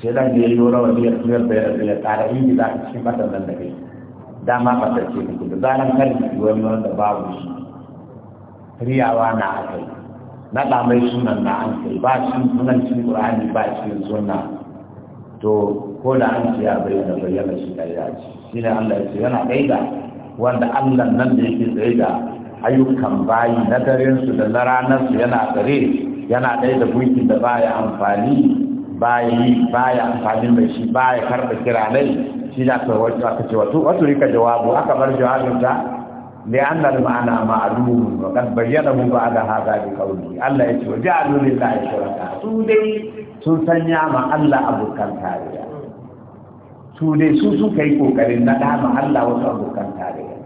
[SPEAKER 2] ce dan ne yayi rawa da ya tsira da ya tsara in da shi mata nan da kai dama ba ta ce ku da zaran kan wani wanda babu shi riyawa na akai na da mai sunan na an kai ba shi sunan cikin qur'ani ba shi sunna to ko da an ce ya bayyana bayyana shi ya ce shi ne Allah ya ce yana gaida wanda Allah nan da yake tsaye da ayyukan bayi na darensu da na ranarsu yana tsare yana ɗaya da gunkin da baya amfani baya yi baya amfani mai shi baya karɓa kira nai shi da aka wato aka ce wato wato rika jawabu aka bar jawabin ta li'anna al-ma'ana ma'lum wa qad bayyana hu ba'da hadha bi qawli Allah ya ce wa ja'alu lillahi shuraka su dai sun sanya ma Allah abokan tarayya to dai su suka yi kokarin na dama Allah wasu abokan tarayya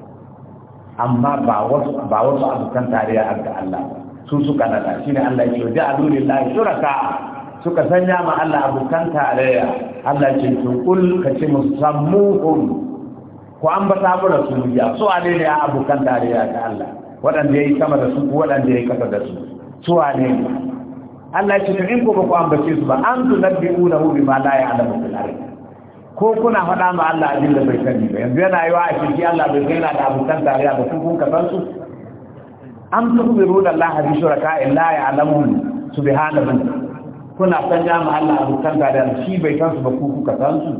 [SPEAKER 2] amma ba wasu abokan tarayya a ga Allah su suka nada ne Allah ya ce ja'alu lillahi shuraka suka sanya ma Allah abokan tarayya Allah ya ce to kul kace musammuhum ko an ba ta su ya so a ne a abokan tarayya ga Allah waɗanda ya yi sama da su ko waɗanda ya yi kasa da su su ne Allah ya ce in ko ba ku ambace su ba an tunabbi'unahu bima la ya'lamu fil ardi ko kuna faɗa ma Allah abin da bai sani ba yanzu yana yiwa a shirki Allah bai kai na da abokan tarayya ba su kun kasan su am tuhbiru da Allah bi shuraka illa su ya'lamun subhanahu kuna sanya ma Allah abokan tarayya shi bai san ba ku kuka san su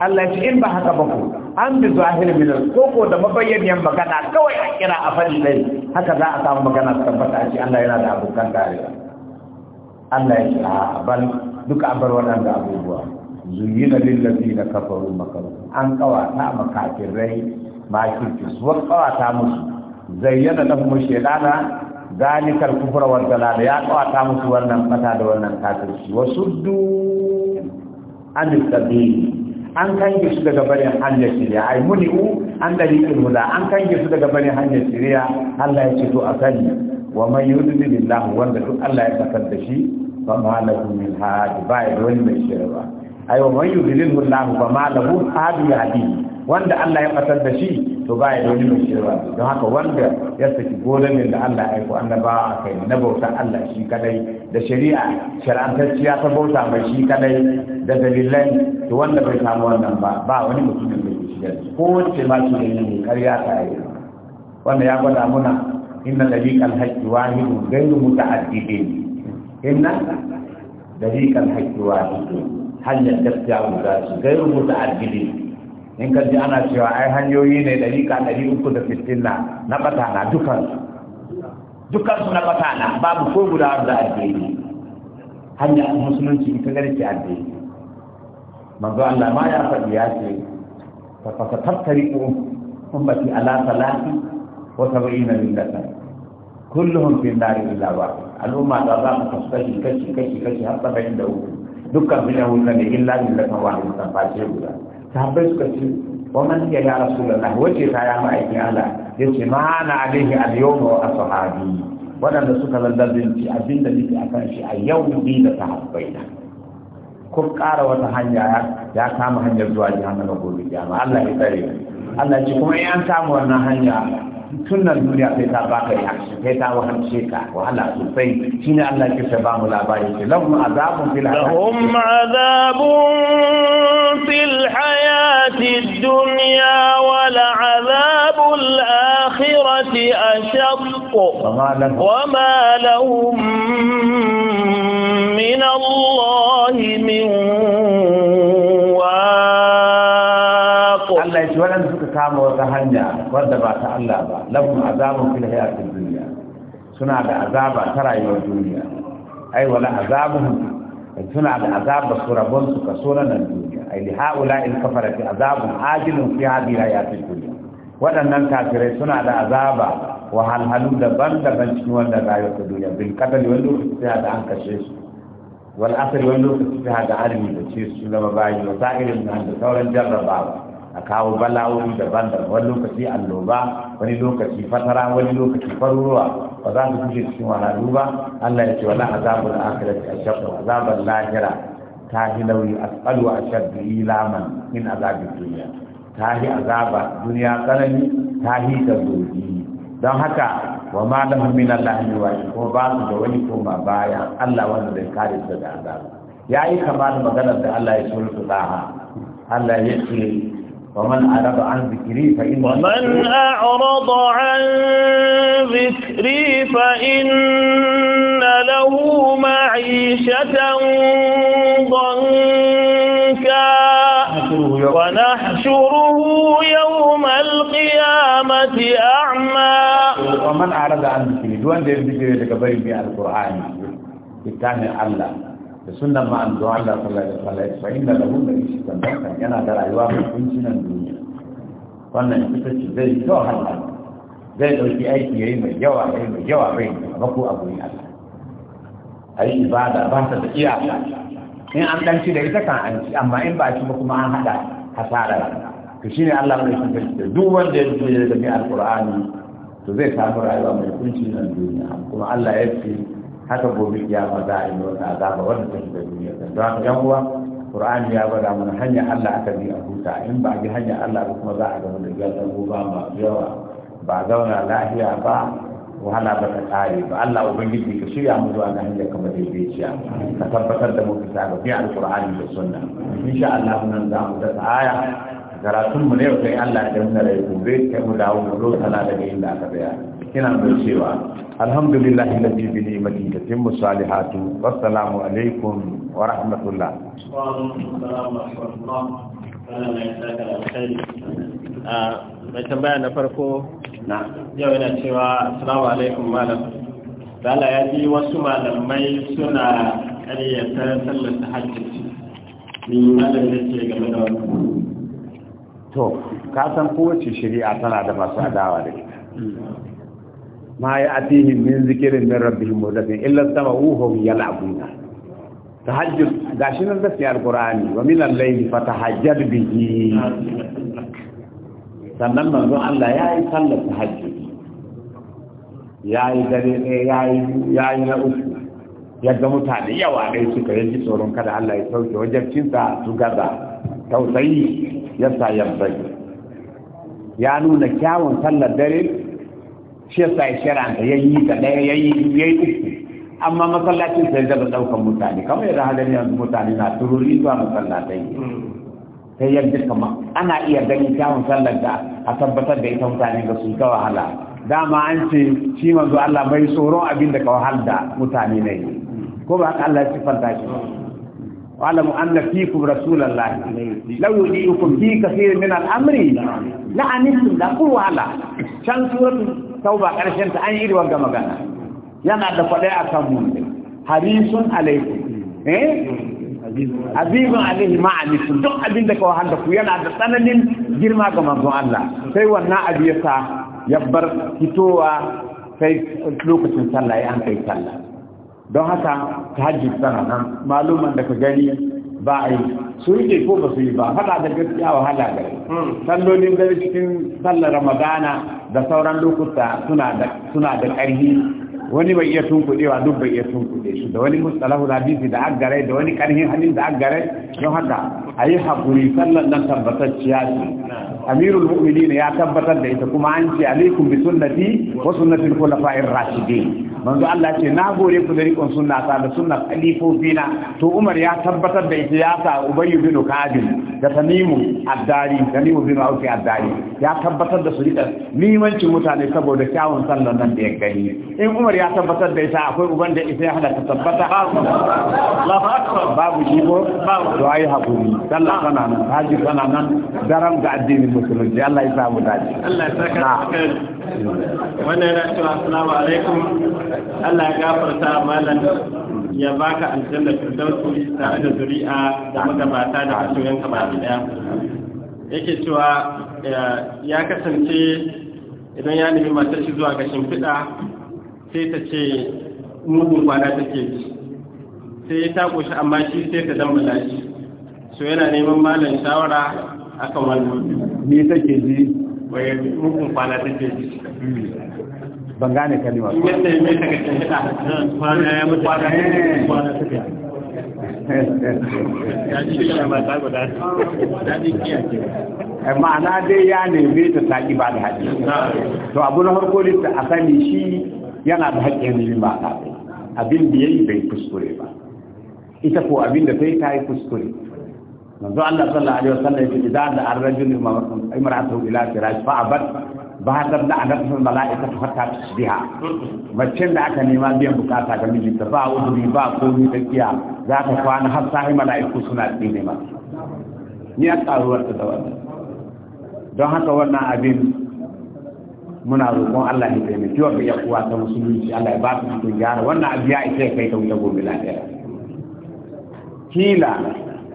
[SPEAKER 2] Allah ya ce in ba haka ba ku an bi zahirin min koko da mabayyaniyan magana kawai a kira a fadi dai haka za a samu magana ta tabbata a Allah yana da abokan tarayya Allah ya ce a bal duka an bar waɗanda abubuwa zuyina da kafaru makaru an kawata makafirai makirci su kawata musu zayyana لهم shaytana ذلك الكفر والضلال يا قواتا musu wannan fata da wannan kafirci wasuddu an tabi an kange su daga barin hanyar shirya ai muni u an mu da. an kange su daga barin hanyar shirya Allah ya ce to akan wa man billahi wanda duk Allah ya sakar da shi fa ma lahu min hadi ba ya wani mai shirya ba wa man yudlilhu Allah fa ma lahu hadi hadi wanda Allah ya fatar da shi to ba ya wani mai shirwa don haka wanda ya saki ne da Allah ya aiko annabawa a kai na bauta Allah shi kadai da shari'a shar'antacciya ta bauta mai shi kadai da dalilan to wanda bai samu wannan ba ba wani mutum da ke shigar ko wacce ma shi ne mai karya ta yi wanda ya gwada muna inna dariqal haqqi wahidun ghayru muta'addidin inna dariqal haqqi wahidun hanyar gaskiya guda ce gairu muta'addilin in ka ji ana cewa ai hanyoyi ne ɗariƙa ɗari uku da fitin na na batana dukansu su na batana babu ko guda da addini hanya musulunci ita garke addini manzo Allah ma ya faɗi ya ce fa fa tattari ummati ala salati wa sab'ina millatan kulluhum fi nari illa wa al'umma da za mu kaskashi kashi kashi kashi har saba'in da uku dukkan su yahuda ne illa millatan wahidatan face guda sahabbai suka ce wa man ya ya rasulullah wace ta ya ma'aikin Allah yace ma ana alaihi al-yawm wa ashabi wadanda suka lallabinci abinda nake akan shi a yau bi da sahabbai na ko ƙara wata hanya ya kama hanyar zuwa jihannama gobe jama'a Allah ya tsare Allah ce kuma in an samu wannan hanya tun duniya sai ta baka ya sai ta wahalce ka wahala sosai shine Allah ke ba mu labari ce lahum azabun
[SPEAKER 1] fil hayati lahum azabun fil hayati dunya wa azabul akhirati ashaq wa ma lahum min Allah min
[SPEAKER 2] waɗanda suka kama wata hanya wadda ba ta Allah ba lahum azabun fil ta dunya suna da azaba ta rayuwar duniya ai wala azabuhum suna da azaba su rabon su kaso na nan duniya ai li haula'il kafarati azabun ajilun fi hadhihi ta dunya waɗannan kafirai suna da azaba wa halhalu daban-daban cikin wannan rayuwar ta duniya bil qatl wal lokaci da an kashe su wal asr wal lokaci da armi da ce su zama bayi wa sa'irin da sauran jarrabawa a kawo bala'o'i daban-daban wani lokaci annoba wani lokaci fatara wani lokaci faruwa ba za su kushe cikin wahalu ba Allah ya ce wala azabul akhirati ashaqqa azabul lahira ta hi nauyi a ashaddu ilaman min azabid dunya ta hi azaba duniya tsanani ta hi da don haka wa ma lahum min Allah min wa ko ba su da wani koma baya Allah wanda bai kare su da azaba yayi kama da maganar da Allah ya sulhu laha Allah ya ce ومن
[SPEAKER 1] أعرض عن ذكري فإن ومن أعرض عن ذكري فإن له معيشة ضنكا ونحشره يوم القيامة أعمى ومن
[SPEAKER 2] أعرض عن ذكري دون ذكري لكبير من القرآن بالتعمل الله da sunan ma an zuwa Allah sallallahu alaihi wasallam fa inna lahu ma'ishatan dankan yana da rayuwa mai kunci nan duniya wannan ita ce zai to halal zai dauki aiki yayi mai yawa yayi mai yawa bai ba ko abu ne Allah ayi ibada ba ta da iyaka in an dan ci da ita kan an ci amma in ba ci ba kuma an hada hasara to shine Allah mai kunci duk wanda ya ji da alqur'ani to zai samu rayuwa mai kunci nan duniya kuma Allah ya ce haka gobe ya za a yi wata azaba wanda ta shiga duniya don haka yan uwa Qur'an ya bada mana hanyar Allah aka bi a huta in ba a bi hanya Allah ba kuma za a gama da gasan ba yawa ba zauna lafiya ba wahala ba ta kare ba Allah ubangiji ka shirya mu zuwa ga hanyar kamar daidaiciya ka tabbatar da mu bisa ga bi alqur'ani da sunna insha Allah nan za mu da aya karatun mu ne kai Allah ya danna rayu gobe kai mu dawo mu da daga inda aka bayar ina mai cewa alhamdulillahi ladhi bi ni'mati tatimmu salihatu wassalamu alaikum wa rahmatullah mai tambaya na farko yau yana cewa assalamu alaikum malam dala ya ji wasu malamai suna ƙaryata sallar ta hajji ni malam da ke game da wani to san kowace shari'a tana da masu adawa da ita ma ya atihim min zikirin min rabbihim mudaffin illa sama'uhum yal'abuna tahajjud gashi nan da siyar qur'ani wa min al-layli fatahajjad bihi sannan manzo Allah ya yi sallar tahajjud ya ya yi na uku yadda mutane yawa ne suka yanki tsoron kada Allah ya sauke wajabcinsa su gaza tausayi ya sa ya ya nuna kyawun sallar dare shi yasa ya shiranta ya yi ta ɗaya ya yi ya yi uku amma masallacin sai zaba ɗaukan mutane kamar yadda halin yanzu mutane na tururi zuwa masallatai sai yadda kama ana iya ganin kyawun sallar da a tabbatar da ita mutane ga su ta wahala dama an ce shi manzo Allah bai tsoron abin da ka wahala da mutane ne ko ba ka Allah ya sifanta shi wa'lamu anna fikum rasulullah law yudikum fi kaseerin min al-amri la'anitum la quwwala can suratul tauba karshen ta an yi irin gama magana yana da a kan mun harisun alaikum eh azizun alaihi ma'alikun duk abin da ka wahala ku yana da tsananin girma ga manzon Allah sai wannan abu ya ya bar fitowa sai lokacin sallah ya an kai sallah don haka tahajjud sana nan maluman da ka gani ba a yi su rike ko ba su yi ba faɗa da gaskiya wahala da hmm. sallolin gari cikin sallar ramadana da sauran lokuta suna da suna ƙarfi wani bai iya kuɗewa duk bai iya kuɗe su da wani mustalahu hadisi da gare da wani ƙarfin halin da aggare don haka a yi haƙuri sallar nan tabbatacciya ce amirul mu'minin ya tabbatar da ita kuma an ce alaikum bi sunnati wa sunnatil khulafa'ir rashidin manzo Allah ce na gore ku da rikon sunna ta da sunna khalifofina to Umar ya tabbatar da ita ya sa Ubay bin Ka'ab da Tamim Ad-Dari Tamim bin Auf Ad-Dari ya tabbatar da su rika limancin mutane saboda kyawun sallan nan da ya gani in Umar ya tabbatar da ita akwai uban da ita ya hada ta tabbata Allahu akbar babu jibo babu ai hakuri sallan kana nan haji kana nan daram ga addinin musulunci Allah ya samu dace
[SPEAKER 1] Allah ya saka
[SPEAKER 2] wannan yana cewa asalamu alaikum Allah ya gafarta malam ya baka aljanna firdausi tare da zuri'a da magabata da masoyan ka ba daya yake cewa eh, ya kasance idan ya nemi matar shi zuwa ga shimfiɗa sai ta ce mugun kwana take ji sai ta koshi amma shi sai ta dambala shi so yana neman malam shawara akan wannan ni take ji ban gane kalima ma'ana dai ya neme ta taƙi ba da haƙi to abu na harko lista a sani shi yana da haƙƙin nemi ba abin da ya yi bai kuskure ba ita ko abin da ta yi ta yi kuskure manzo Allah sallallahu alaihi wasallam yake idan da arrajul rajul imra'atu ila firash fa abad ba ta da annabi malaika ta fata biha macen da aka nema biyan bukata ga miji ta ba uduri ba ko da kiya za ka kwana har sai malaiku suna tsine ma ni a karuwar ta wannan don haka wannan abin muna roƙon Allah ya mu wa ga yakuwa ta musulunci Allah ya ba su cikin gyara wannan abiya ita ya kai ta wuya gobe lafiya kila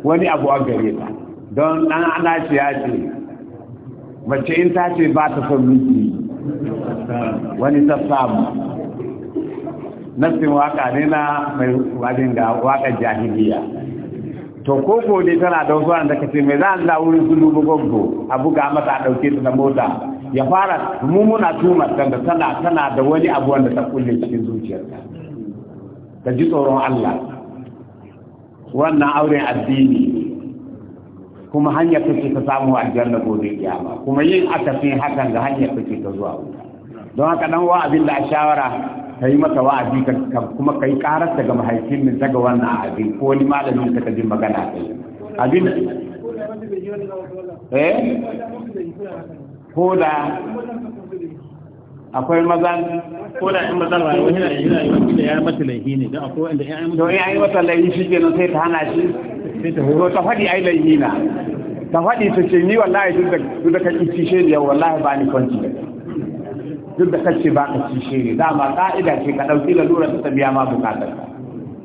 [SPEAKER 2] wani abu a gare ta don ɗan ana ce ya ce mace in ta ce ba ta son miki wani ta samu nassin waka ne na mai wajen ga waka jahiliya to ko ne tana da wasu wanda ka ce mai za a za wurin su dubu a buga mata a ɗauke ta da mota ya fara mummuna tumar da tana tana da wani abu wanda ta kulle cikin zuciyarta ta ji tsoron Allah wannan auren addini ne kuma hanyar kake ta samu aljanna gobe kiyama kuma yin akasin hakan ga hanyar kake ta zuwa wuta don haka dan wa abin da a shawara ka yi maka wa'azi kuma ka yi karar daga mahaifin min daga wannan abin ko wani malamin ka ji magana kai abin eh
[SPEAKER 1] ko da akwai maza ko da in mazan rayuwa yana yi rayuwa
[SPEAKER 2] da ya mata laifi ne don akwai wanda ya yi mata laifi. mata laifi shi ke sai ta hana shi. Ko ta faɗi ai laifi na. Ta faɗi ta ce ni wallahi duk da kake shi ne wallahi ba ni kwanci. Duk da kace ba ka shi ne dama ka'ida ce ka ɗauki lalura ta biya ma bukatar.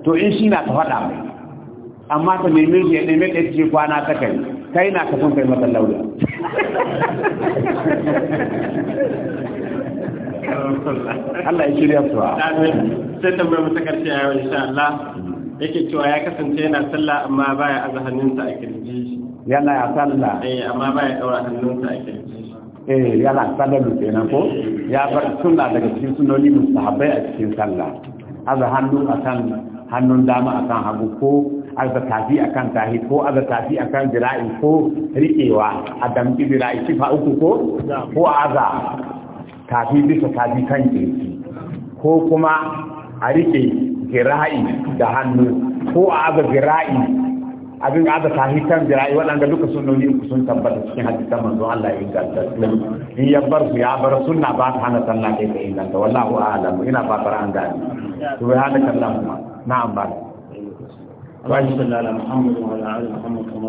[SPEAKER 2] To in shi na ta faɗa mai. Amma ta nemi ya nemi ɗaya ce kwana ta kai. Kai na ka son kai mata laura. Allah ya shirya su
[SPEAKER 1] sai tambayar mu ta karshe a yau insha Allah yake cewa ya kasance yana
[SPEAKER 2] sallah amma baya aza hannunsa a kirji yana sallah eh amma baya daura hannunsa a kirji eh yana sallah da kenan ko ya bar sunna daga cikin sunnoni mustahabbai a cikin sallah aza hannu akan hannun dama akan hagu ko aza tafi akan tahi ko aza tafi akan jira'i ko riƙewa a damƙi jira'i sifa uku ko ko aza tafi bisa tafi kan kirki ko kuma a rike gira'i da hannu ko a aga gira'i abin aga tafi kan gira'i waɗanda duka sunnoni uku sun tabbata cikin hadisan manzo Allah ya inganta in ya bar su ya bar sunna ba ta hana sallah kai ka inganta wallahu a'lam ina fatar an gani subhanakallahumma na'am ba Allahumma salli ala Muhammad wa ala